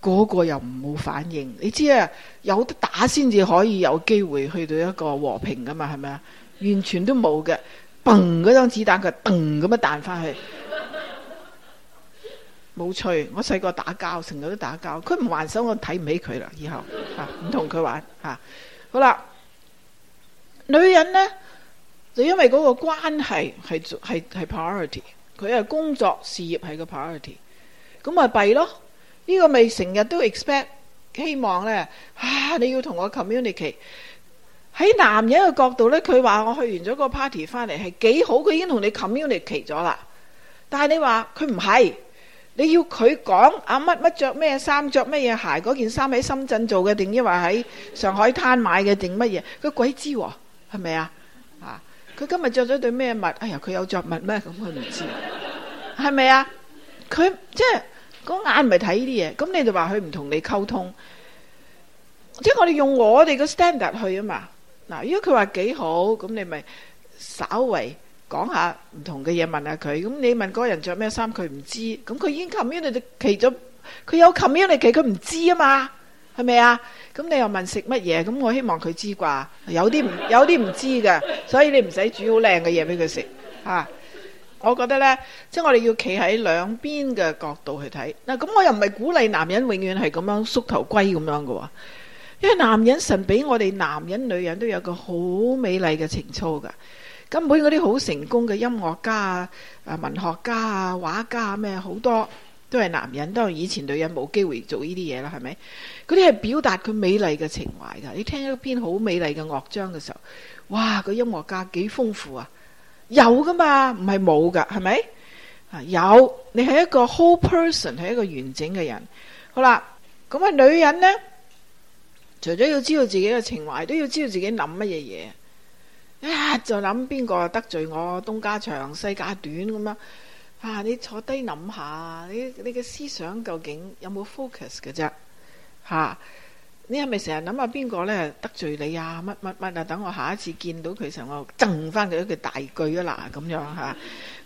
Speaker 1: 嗰個，個又唔冇反應，你知啊？有得打先至可以有機會去到一個和平噶嘛，係咪啊？完全都冇嘅，嘣嗰張子彈佢噔咁樣彈返去，冇 趣。我細個打交成日都打交，佢唔還手，我睇唔起佢啦。以後嚇唔同佢玩，啊、好啦，女人呢，就因為嗰個關係係 priority，佢係工作事業係個 priority，咁咪弊咯。呢、這個咪成日都 expect 希望呢，啊！你要同我 communicate。喺男人嘅角度呢，佢話我去完咗個 party 返嚟係幾好，佢已經同你 communicate 咗啦。但係你話佢唔係，你要佢講啊乜乜着咩衫，着咩嘢鞋，嗰件衫喺深圳做嘅定抑或喺上海灘買嘅定乜嘢？佢鬼知喎、哦，係咪啊？啊！佢今日着咗對咩襪？哎呀，佢有着襪咩？咁佢唔知，係 咪啊？佢即係。眼唔係睇呢啲嘢，咁你就話佢唔同你溝通，即係我哋用我哋個 standard 去啊嘛。嗱，如果佢話幾好，咁你咪稍微講下唔同嘅嘢，問下佢。咁你問嗰個人着咩衫，佢唔知，咁佢已經 communicate 咗，佢有 communicate，佢唔知啊嘛，係咪啊？咁你又問食乜嘢？咁我希望佢知啩，有啲唔有啲唔知㗎，所以你唔使煮好靚嘅嘢俾佢食吓。啊我覺得呢，即係我哋要企喺兩邊嘅角度去睇，嗱，咁我又唔係鼓勵男人永遠係咁樣縮頭龜咁樣嘅喎，因為男人神俾我哋男人、女人，都有個好美麗嘅情操噶。根本嗰啲好成功嘅音樂家啊、呃、文學家啊、畫家咩好多，都係男人，當然以前女人冇機會做呢啲嘢啦，係咪？嗰啲係表達佢美麗嘅情懷㗎。你聽一篇好美麗嘅樂章嘅時候，哇！個音樂家幾豐富啊！有噶嘛？唔係冇噶，係咪？啊，有！你係一個 whole person，係一個完整嘅人。好啦，咁啊，女人呢？除咗要知道自己嘅情懷，都要知道自己諗乜嘢嘢。啊，就諗邊個得罪我？東家長西家短咁樣。啊，你坐低諗下想想，你你嘅思想究竟有冇 focus 嘅啫？吓、啊。你係咪成日諗下邊個呢？得罪你啊？乜乜乜啊？等我下一次見到佢時候，我憎返佢一句大句啦這啊嗱，咁樣嚇。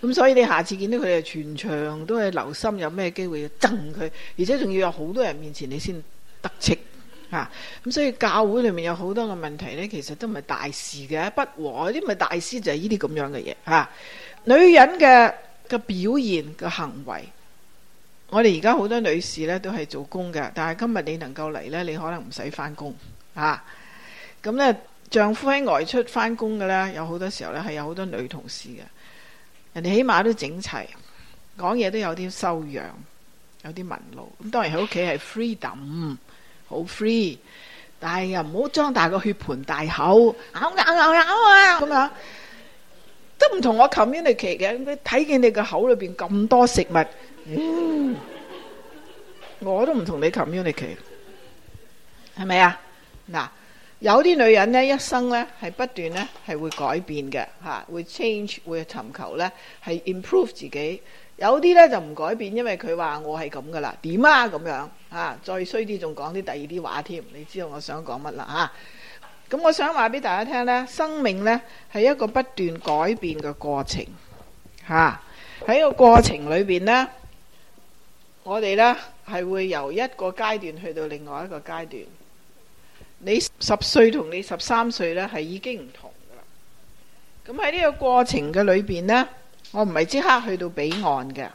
Speaker 1: 咁所以你下次見到佢哋，全場都係留心有咩機會要憎佢，而且仲要有好多人面前你先得戚嚇。咁、啊、所以教會裡面有好多嘅問題呢，其實都唔係大事嘅不和啲，咪大事就係呢啲咁樣嘅嘢嚇。女人嘅嘅表現嘅行為。我哋而家好多女士呢都係做工嘅，但係今日你能夠嚟，呢你可能唔使返工啊，咁呢，丈夫喺外出返工嘅，呢有好多時候呢係有好多女同事嘅，人哋起碼都整齊，講嘢都有啲修養，有啲文路。咁當然喺屋企係 freedom，好 free，但係又唔好裝大個血盆大口咬咬咬咬啊！咁、呃呃呃呃呃、樣都唔同我 communicate 嘅，睇見你個口裏邊咁多食物。嗯，我都唔同你 communicate，係咪啊？嗱，有啲女人呢一生呢係不斷呢係會改變嘅吓，會 change，會尋求呢係 improve 自己。有啲呢就唔改變，因為佢話我係咁噶啦，點啊咁樣啊？樣再衰啲仲講啲第二啲話添，你知道我想講乜啦吓？咁我想話俾大家聽呢，生命呢係一個不斷改變嘅過程，吓喺個過程裏邊呢。我哋呢係會由一個階段去到另外一個階段。你十歲同你十三歲呢係已經唔同噶啦。咁喺呢個過程嘅裏邊呢，我唔係即刻去到彼岸嘅。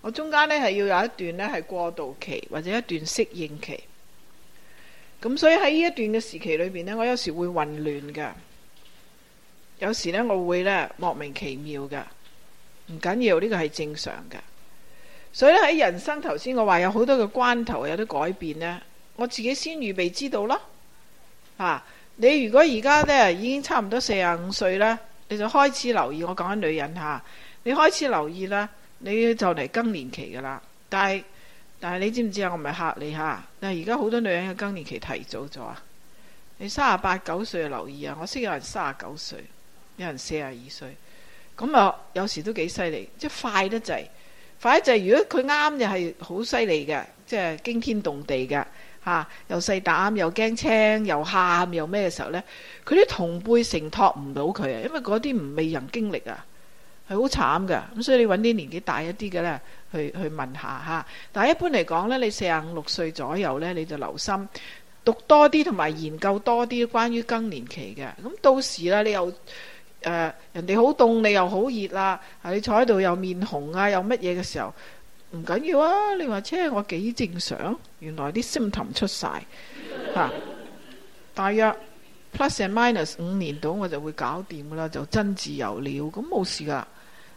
Speaker 1: 我中間呢係要有一段呢係過渡期或者一段適應期。咁所以喺呢一段嘅時期裏邊呢，我有時會混亂噶，有時呢，我會呢莫名其妙噶，唔緊要，呢個係正常噶。所以喺人生頭先我話有好多嘅關頭有啲改變呢。我自己先預備知道咯、啊。你如果而家呢已經差唔多四十五歲咧，你就開始留意。我講緊女人吓、啊，你開始留意咧，你就嚟更年期噶啦。但係但係你知唔知啊？我唔係吓你吓，但係而家好多女人嘅更年期提早咗啊！你三十八九歲就留意啊！我識有人三十九歲，有人四十二歲，咁啊有時都幾犀利，即係快得滯。反正就係、是，如果佢啱又係好犀利嘅，即、就、係、是、驚天動地嘅，嚇、啊、又細膽又驚青又喊又咩嘅時候呢，佢啲同輩承托唔到佢啊，因為嗰啲未人經歷啊，係好慘噶。咁所以你揾啲年紀大一啲嘅呢去去問一下嚇、啊。但係一般嚟講呢，你四十五六歲左右呢，你就留心讀多啲同埋研究多啲關於更年期嘅。咁到時呢，你又～誒、呃、人哋好凍，你又好熱啦、啊啊。你坐喺度又面紅啊，又乜嘢嘅時候唔緊要啊。你話車我幾正常，原來啲 symptom 出晒、啊，大約 plus and minus 五年到，我就會搞掂噶啦，就真自由了。咁冇事噶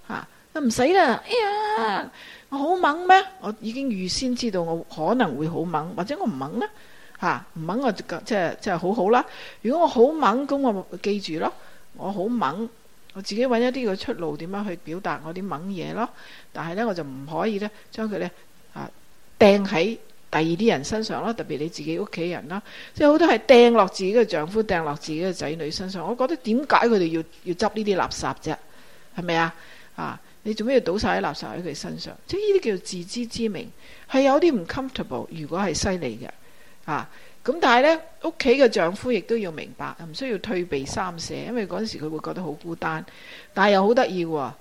Speaker 1: 嚇，都唔使啦。哎呀，我好猛咩？我已經預先知道我可能會好猛，或者我唔猛呢唔、啊、猛就，我即即係好好啦。如果我好猛，咁我記住咯。我好猛，我自己揾一啲嘅出路，點樣去表達我啲猛嘢咯。但係呢，我就唔可以呢將佢呢啊掟喺第二啲人身上囉，特別你自己屋企人啦，即係好多係掟落自己嘅丈夫、掟落自己嘅仔女身上。我覺得點解佢哋要要執呢啲垃圾啫？係咪啊？啊！你做咩要倒晒啲垃圾喺佢身上？即係呢啲叫自知之明，係有啲唔 comfortable。如果係犀利嘅啊。咁但係咧，屋企嘅丈夫亦都要明白，唔需要退避三舍，因為嗰陣時佢會覺得好孤單，但係又好得意喎。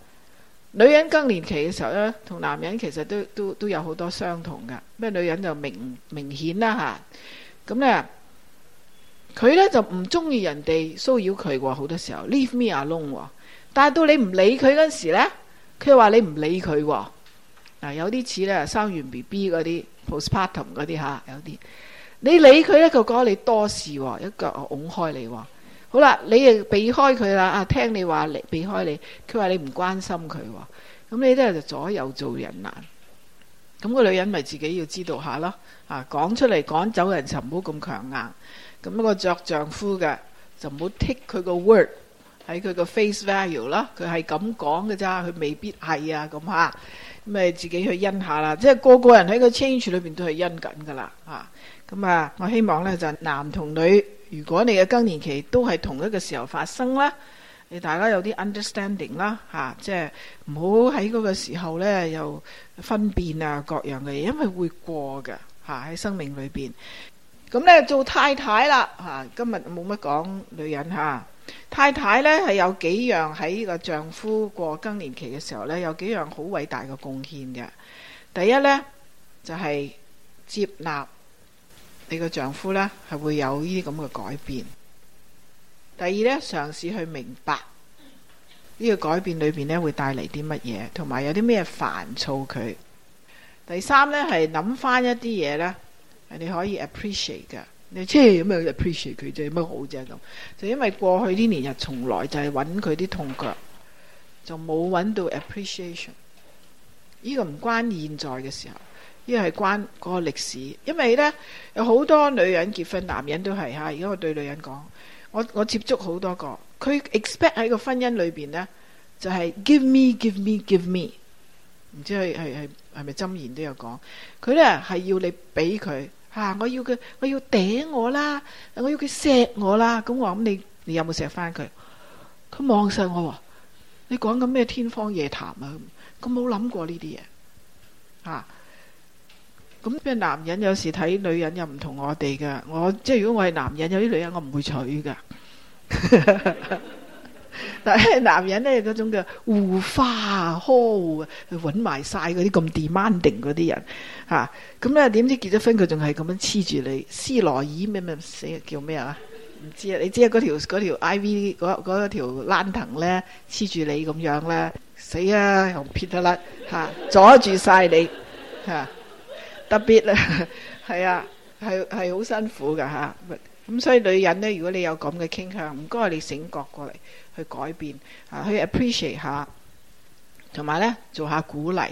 Speaker 1: 女人更年期嘅時候咧，同男人其實都都都有好多相同㗎。咩女人就明明顯啦吓。咁、啊、咧，佢咧就唔中意人哋騷擾佢喎，好多時候 leave me alone，啊。但係到你唔理佢嗰時咧，佢又話你唔理佢。嗱、啊，有啲似咧生完 BB 嗰啲 postpartum 嗰啲吓，有啲。你理佢呢，佢講你多事喎，一腳我拱開你喎。好啦，你又避開佢啦，啊聽你話避開你，佢話你唔關心佢喎。咁你都係就左右做人難。咁個女人咪自己要知道下咯。啊，講出嚟講走人就唔好咁強硬。咁個作丈夫嘅就唔好 take 佢個 word 喺佢個 face value 啦。佢係咁講嘅咋，佢未必係啊。咁吓。咁咪自己去忍下啦，即係個個人喺個 change 裏邊都係忍緊噶啦吓。咁啊，我希望呢就男同女，如果你嘅更年期都係同一個時候發生啦，你大家有啲 understanding 啦吓，即係唔好喺嗰個時候呢又分辨啊各樣嘅嘢，因為會過噶吓喺生命裏邊。咁呢做太太啦吓，今日冇乜講女人吓。太太呢係有幾樣喺呢個丈夫過更年期嘅時候呢，有幾樣好偉大嘅貢獻嘅。第一呢，就係接納你個丈夫呢係會有呢啲咁嘅改變。第二呢，嘗試去明白呢個改變裏邊呢會帶嚟啲乜嘢，同埋有啲咩煩躁佢。第三呢，係諗翻一啲嘢呢，係你可以 appreciate 噶你即係有咩 appreciate 佢，有乜好啫咁？就因為過去呢年日，從來就係揾佢啲痛腳，就冇揾到 appreciation。呢個唔關現在嘅時候，呢個係關嗰個歷史。因為呢，有好多女人結婚，男人都係吓。如果我對女人講，我我接觸好多個，佢 expect 喺個婚姻裏邊呢，就係、是、give me，give me，give me, give me, give me。唔知係係係係咪箴言都有講？佢呢係要你俾佢。吓、啊！我要佢，我要頂我啦，我要佢錫我啦。咁我話你，你有冇錫翻佢？佢望實我，你講緊咩天方夜譚啊？咁冇諗過呢啲嘢，吓、啊。咁咩男人有時睇女人又唔同我哋噶。我即係如果我係男人，有啲女人我唔會娶噶。 但係男人咧，嗰種嘅護花呵護，揾埋晒嗰啲咁 demanding 嗰啲人吓，咁咧，點知結咗婚佢仲係咁樣黐住你，斯羅爾咩咩死叫咩啊？唔知啊，你知啊？嗰條嗰條 IV 嗰嗰條纜藤咧，黐住你咁樣咧，死啊，又撇得甩吓，阻住晒你吓、啊啊，特別咧係啊，係係好辛苦噶吓，咁、啊、所以女人咧，如果你有咁嘅傾向，唔該你醒覺過嚟。去改變，啊，去 appreciate 下，同埋呢做下鼓勵。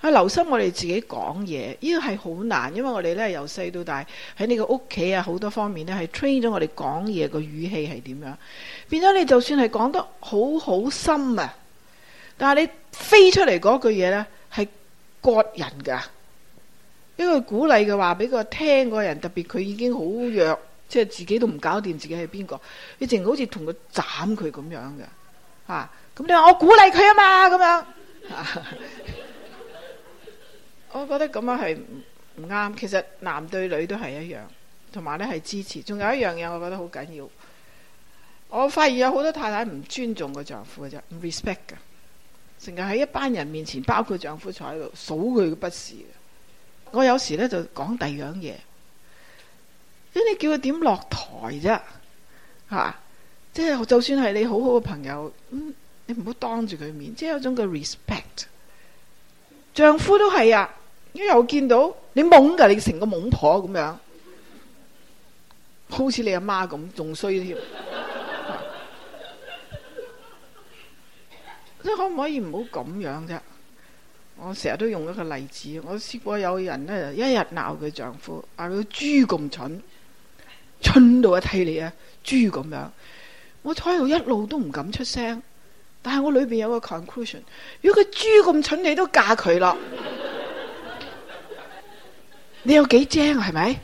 Speaker 1: 去、啊、留心我哋自己講嘢，呢個係好難，因為我哋呢由細到大喺你個屋企啊，好多方面呢係 train 咗我哋講嘢個語氣係點樣，變咗你就算係講得好好心啊，但係你飛出嚟嗰句嘢呢係割人噶，因為鼓勵嘅話俾個聽個人，特別佢已經好弱。即係自己都唔搞掂，自己係邊個？你淨係好似同佢斬佢咁樣嘅，咁、啊、你話我鼓勵佢啊嘛？咁樣、啊，我覺得咁樣係唔啱。其實男對女都係一樣，同埋咧係支持。仲有一樣嘢，我覺得好緊要。我發現有好多太太唔尊重個丈夫嘅啫，唔 respect 嘅，成日喺一班人面前，包括丈夫坐喺度數佢嘅不是。我有時咧就講第二樣嘢。你叫佢點落台啫？吓、啊，即係就算係你好好嘅朋友，嗯、你唔好當住佢面，即係有種嘅 respect。丈夫都係啊，因為我見到你懵噶，你成個懵婆咁樣，好似你阿媽咁，仲衰添。即 係 可唔可以唔好咁樣啫？我成日都用一個例子，我試過有人咧，一日鬧佢丈夫，鬧佢豬咁蠢。蠢到一睇你啊，豬咁樣，我坐喺度一路都唔敢出聲。但係我裏邊有個 conclusion，如果個豬咁蠢，你都嫁佢咯？你有幾精係咪？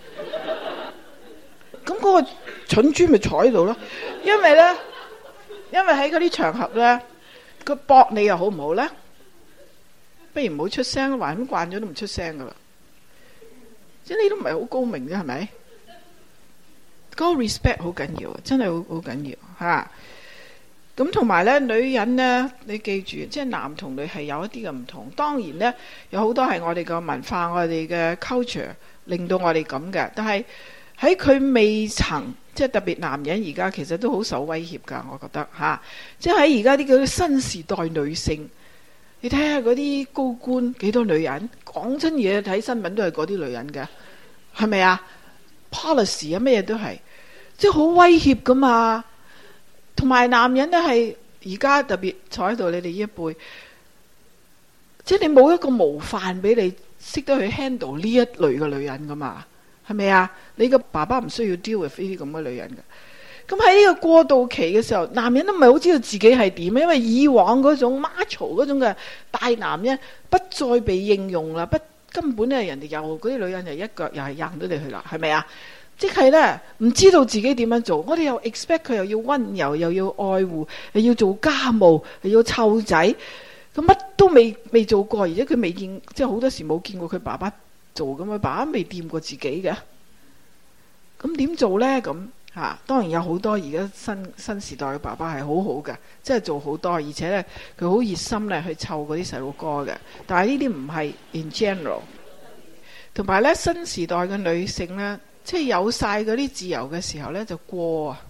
Speaker 1: 咁嗰個蠢豬咪坐喺度咯。因為咧，因為喺嗰啲場合咧，佢搏你又好唔好咧？不如唔好出聲，橫咁慣咗都唔出聲噶啦。即係你都唔係好高明啫，係咪？個 respect 好緊要啊，真係好好緊要吓。咁同埋咧，女人呢，你記住，即係男同女係有一啲嘅唔同。當然呢，有好多係我哋嘅文化、我哋嘅 culture 令到我哋咁嘅。但係喺佢未曾即係特別，男人而家其實都好受威脅噶，我覺得吓。即係喺而家啲叫新時代女性，你睇下嗰啲高官幾多女人講真嘢，睇新聞都係嗰啲女人嘅，係咪啊？policy 啊，咩嘢都係，即係好威脅噶嘛。同埋男人咧，係而家特別坐喺度，你哋呢一輩，即係你冇一個模範俾你，識得去 handle 呢一類嘅女人噶嘛，係咪啊？你個爸爸唔需要 deal with 呢啲咁嘅女人嘅。咁喺呢個過渡期嘅時候，男人都唔係好知道自己係點，因為以往嗰種 macho 種嘅大男人不再被應用啦，不。根本咧，人哋又嗰啲女人又一腳又係掗到你去啦，係咪啊？即係咧，唔知道自己點樣做。我哋又 expect 佢又要溫柔，又要愛護，又要做家務，又要湊仔。佢乜都未未做過，而且佢未見，即係好多時冇見過佢爸爸做咁，佢爸爸未掂過自己嘅。咁點做咧？咁？嚇、啊，當然有好多而家新新時代嘅爸爸係好好嘅，即係做好多，而且呢，佢好熱心呢去湊嗰啲細路哥嘅。但係呢啲唔係 in general。同埋呢新時代嘅女性呢，即係有晒嗰啲自由嘅時候呢，就過啊，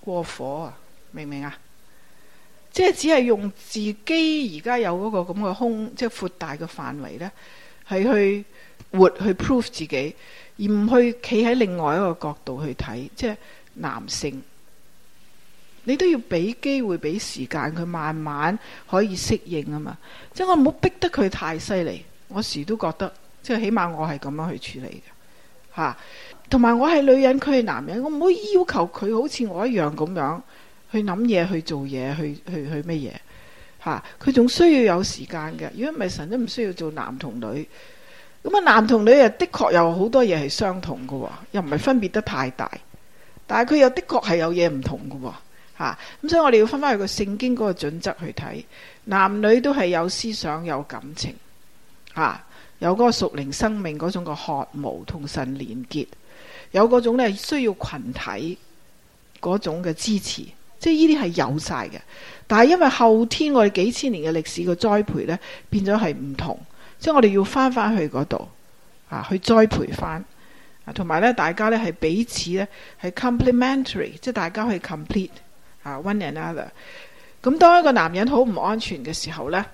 Speaker 1: 過火啊，明唔明啊？即係只係用自己而家有嗰個咁嘅空，即係闊大嘅範圍呢，係去活去 prove 自己。而唔去企喺另外一個角度去睇，即係男性，你都要俾機會、俾時間佢慢慢可以適應啊嘛。即係我唔好逼得佢太犀利，我時都覺得，即係起碼我係咁樣去處理嘅，嚇、啊。同埋我係女人，佢係男人，我唔好要，要求佢好似我一樣咁樣去諗嘢、去做嘢、去去去咩嘢，嚇、啊。佢仲需要有時間嘅，如果唔係，神都唔需要做男同女。咁啊，男同女啊，的確有好多嘢係相同噶，又唔係分別得太大。但係佢又的確係有嘢唔同噶，吓、啊。咁所以我哋要分翻去個聖經嗰個準則去睇，男女都係有思想、有感情，吓、啊，有嗰個屬靈生命嗰種個渴慕同神連結，有嗰種呢需要群體嗰種嘅支持，即係呢啲係有晒嘅。但係因為後天我哋幾千年嘅歷史嘅栽培呢，變咗係唔同。即係我哋要翻翻去嗰度啊，去栽培翻啊，同埋咧，大家咧係彼此咧係 complementary，即係大家去 complete 啊，one another。咁、啊、當一個男人好唔安全嘅時候咧，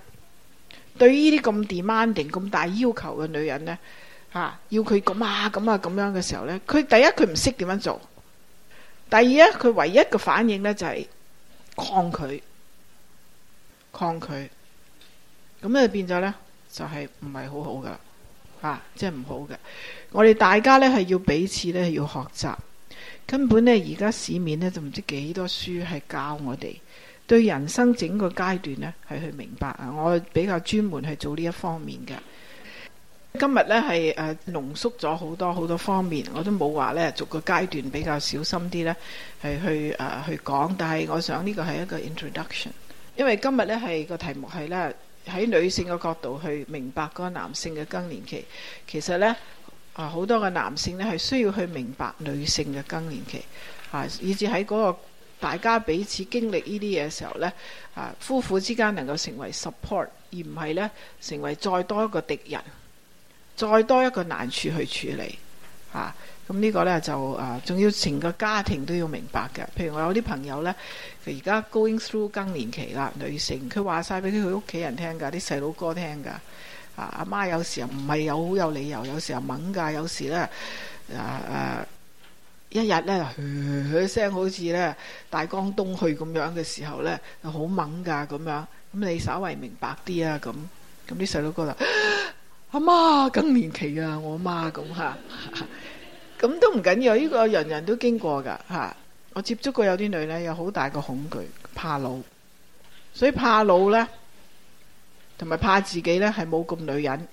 Speaker 1: 對於呢啲咁 demanding、咁大要求嘅女人咧，吓要佢咁啊、咁啊、咁樣嘅、啊、時候咧，佢第一佢唔識點樣做，第二咧佢唯一嘅反應咧就係、是、抗拒、抗拒，咁咧就變咗咧。就係唔係好好噶吓，即係唔好嘅。我哋大家呢係要彼此呢要學習，根本呢而家市面呢就唔知幾多書係教我哋對人生整個階段呢係去明白啊！我比較專門係做呢一方面嘅。今日呢係誒濃縮咗好多好多方面，我都冇話呢逐個階段比較小心啲呢係去誒、呃、去講，但係我想呢個係一個 introduction，因為今日呢係個題目係呢。喺女性嘅角度去明白嗰個男性嘅更年期，其實咧啊好多嘅男性咧係需要去明白女性嘅更年期，啊以至喺嗰個大家彼此經歷呢啲嘢嘅時候咧，啊夫婦之間能夠成為 support，而唔係咧成為再多一個敵人，再多一個難處去處理。啊，咁呢個呢，就仲、啊、要成個家庭都要明白嘅。譬如我有啲朋友呢，佢而家 going through 更年期啦，女性，佢話晒俾佢屋企人聽㗎，啲細佬哥聽㗎。啊，阿媽有時候唔係有好有理由，有時候猛㗎，有時呢，誒、啊、誒、啊，一日嘘、呃、聲好似呢，大江東去咁樣嘅時候呢，就好猛㗎咁樣。咁你稍微明白啲啊，咁咁啲細佬哥就。阿媽更年期啊，我阿媽咁吓，咁都唔緊要，呢個人人都經過噶吓、啊。我接觸過有啲女呢，有好大個恐懼，怕老，所以怕老呢，同埋怕自己呢，係冇咁女人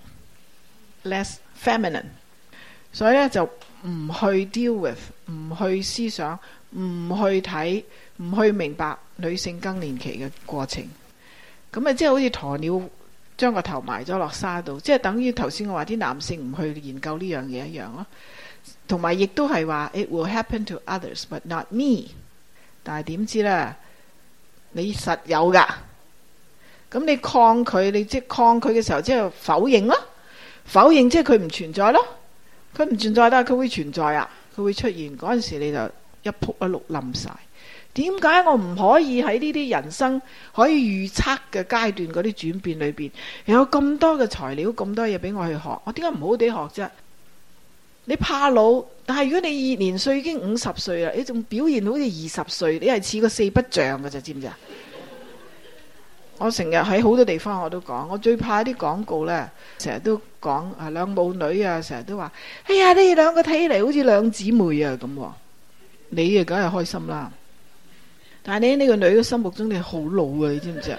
Speaker 1: less feminine， 所以呢，就唔去 deal with，唔去思想，唔去睇，唔去明白女性更年期嘅過程。咁啊，即係好似鴕鳥將個頭埋咗落沙度，即係等於頭先我話啲男性唔去研究呢樣嘢一樣咯，同埋亦都係話 It will happen to others but not me。但係點知呢？你實有噶，咁你抗拒你即係抗拒嘅時候，即係否認咯，否認即係佢唔存在咯，佢唔存在但係佢會存在啊，佢會出現嗰陣時，你就一扑一碌冧晒。點解我唔可以喺呢啲人生可以預測嘅階段嗰啲轉變裏邊，有咁多嘅材料，咁多嘢俾我去學？我點解唔好好地學啫？你怕老，但係如果你二年歲已經五十歲啦，你仲表現好似二十歲，你係似個四不像噶咋，知唔知啊？ 我成日喺好多地方我都講，我最怕啲廣告呢，成日都講兩母女啊，成日都話：哎呀，你哋兩個睇嚟好似兩姊妹啊咁，啊。你啊，梗係開心啦。但係呢個女嘅心目中你好老啊，你知唔知啊？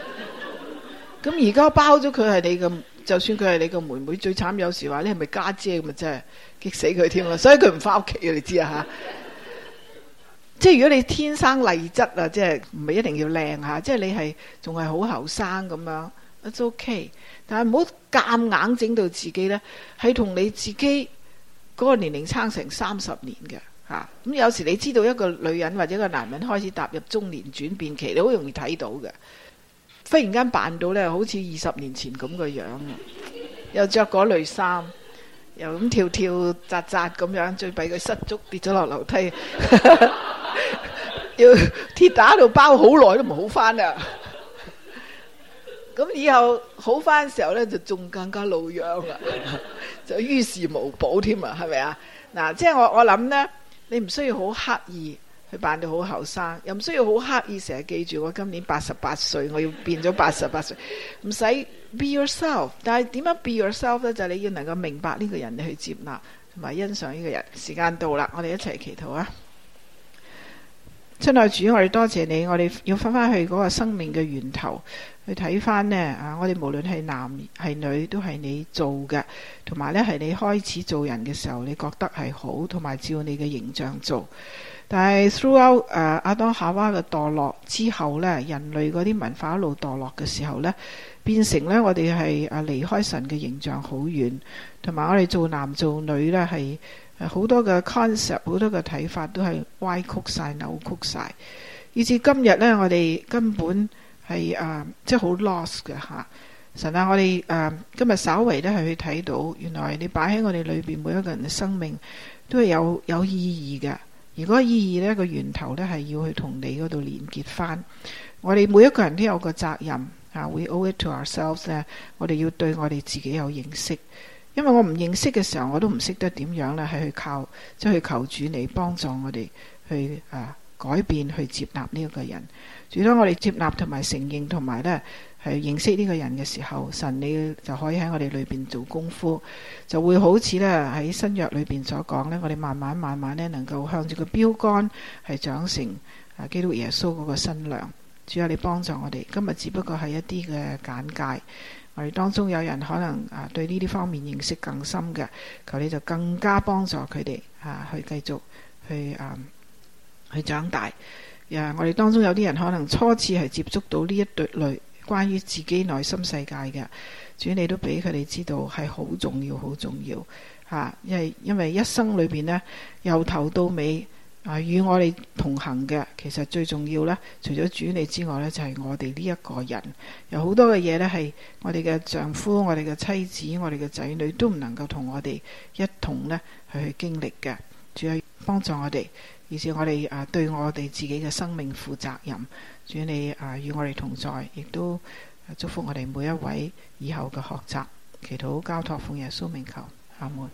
Speaker 1: 咁而家包咗佢係你嘅，就算佢係你個妹妹， 最慘有時話你係咪家姐咁啊？真係激死佢添啦！所以佢唔翻屋企啊！你知啊吓？ 即係如果你天生麗質啊，即係唔係一定要靚吓？即係你係仲係好後生咁樣，都 OK。但係唔好夾硬整到自己咧，係同你自己嗰個年齡差成三十年嘅。咁、啊，嗯嗯、有時你知道一個女人或者一個男人開始踏入中年轉變期，你好容易睇到嘅。忽然間扮到咧，好似二十年前咁嘅樣，樣，又着嗰類衫，又咁跳跳扎紮咁樣，最弊佢失足跌咗落樓梯，哈哈，要鐵打都包好耐都包好耐都唔好翻啦。咁、啊啊嗯、以後好翻時候咧，就仲更加老樣啊，就於事無補添啊，係咪啊？嗱、嗯啊，即係我我諗呢。你唔需要好刻意去扮到好後生，又唔需要好刻意成日記住我今年八十八歲，我要變咗八十八歲，唔 使 be yourself。但係點樣 be yourself 呢？就係、你要能夠明白呢個人去接納同埋欣賞呢個人。時間到啦，我哋一齊祈禱啊！親愛主，我哋多謝，謝你，我哋要翻翻去嗰個生命嘅源頭。去睇翻呢，啊！我哋無論係男係女，都係你做嘅，同埋呢，係你開始做人嘅時候，你覺得係好，同埋照你嘅形象做。但係 throughout 阿當夏娃嘅墮落之後呢，人類嗰啲文化一路墮落嘅時候呢，變成呢，我哋係離開神嘅形象好遠，同埋我哋做男做女呢，係好多嘅 concept，好多嘅睇法都係歪曲晒、扭曲晒。以至今日呢，我哋根本。係誒、啊，即係好 lost 嘅吓，神啊、so，啊！我哋誒、啊、今日稍微都係去睇到，原來你擺喺我哋裏邊每一個人嘅生命都係有有意義嘅。如果意義呢、呢個源頭咧係要去同你嗰度連結翻，我哋每一個人都有個責任啊。We owe it to ourselves 咧、啊，我哋要對我哋自己有認識，因為我唔認識嘅時候，我都唔識得點樣咧係去靠即係、去、求主你幫助我哋去誒。啊改變去接納呢一個人，主當我哋接納同埋承認同埋咧係認識呢個人嘅時候，神你就可以喺我哋裏邊做功夫，就會好似咧喺新約裏邊所講呢，我哋慢慢慢慢呢能夠向住個標竿係長成基督耶穌嗰個新娘。主啊，你幫助我哋，今日只不過係一啲嘅簡介，我哋當中有人可能啊對呢啲方面認識更深嘅，求你就更加幫助佢哋啊去繼續去啊。去長大，yeah, 我哋當中有啲人可能初次係接觸到呢一對類關於自己內心世界嘅主，你都俾佢哋知道係好重要、好重要，吓！因為因為一生裏邊呢，由頭到尾啊，與我哋同行嘅，其實最重要呢，除咗主你之外呢，就係、是、我哋呢一個人。有好多嘅嘢呢，係我哋嘅丈夫、我哋嘅妻子、我哋嘅仔女都唔能夠同我哋一同呢去，去經歷嘅，主要幫助我哋。而是我哋啊，對我哋自己嘅生命負責任。主你啊，與我哋同在，亦都祝福我哋每一位以後嘅學習。祈禱交託奉耶穌名求，阿門。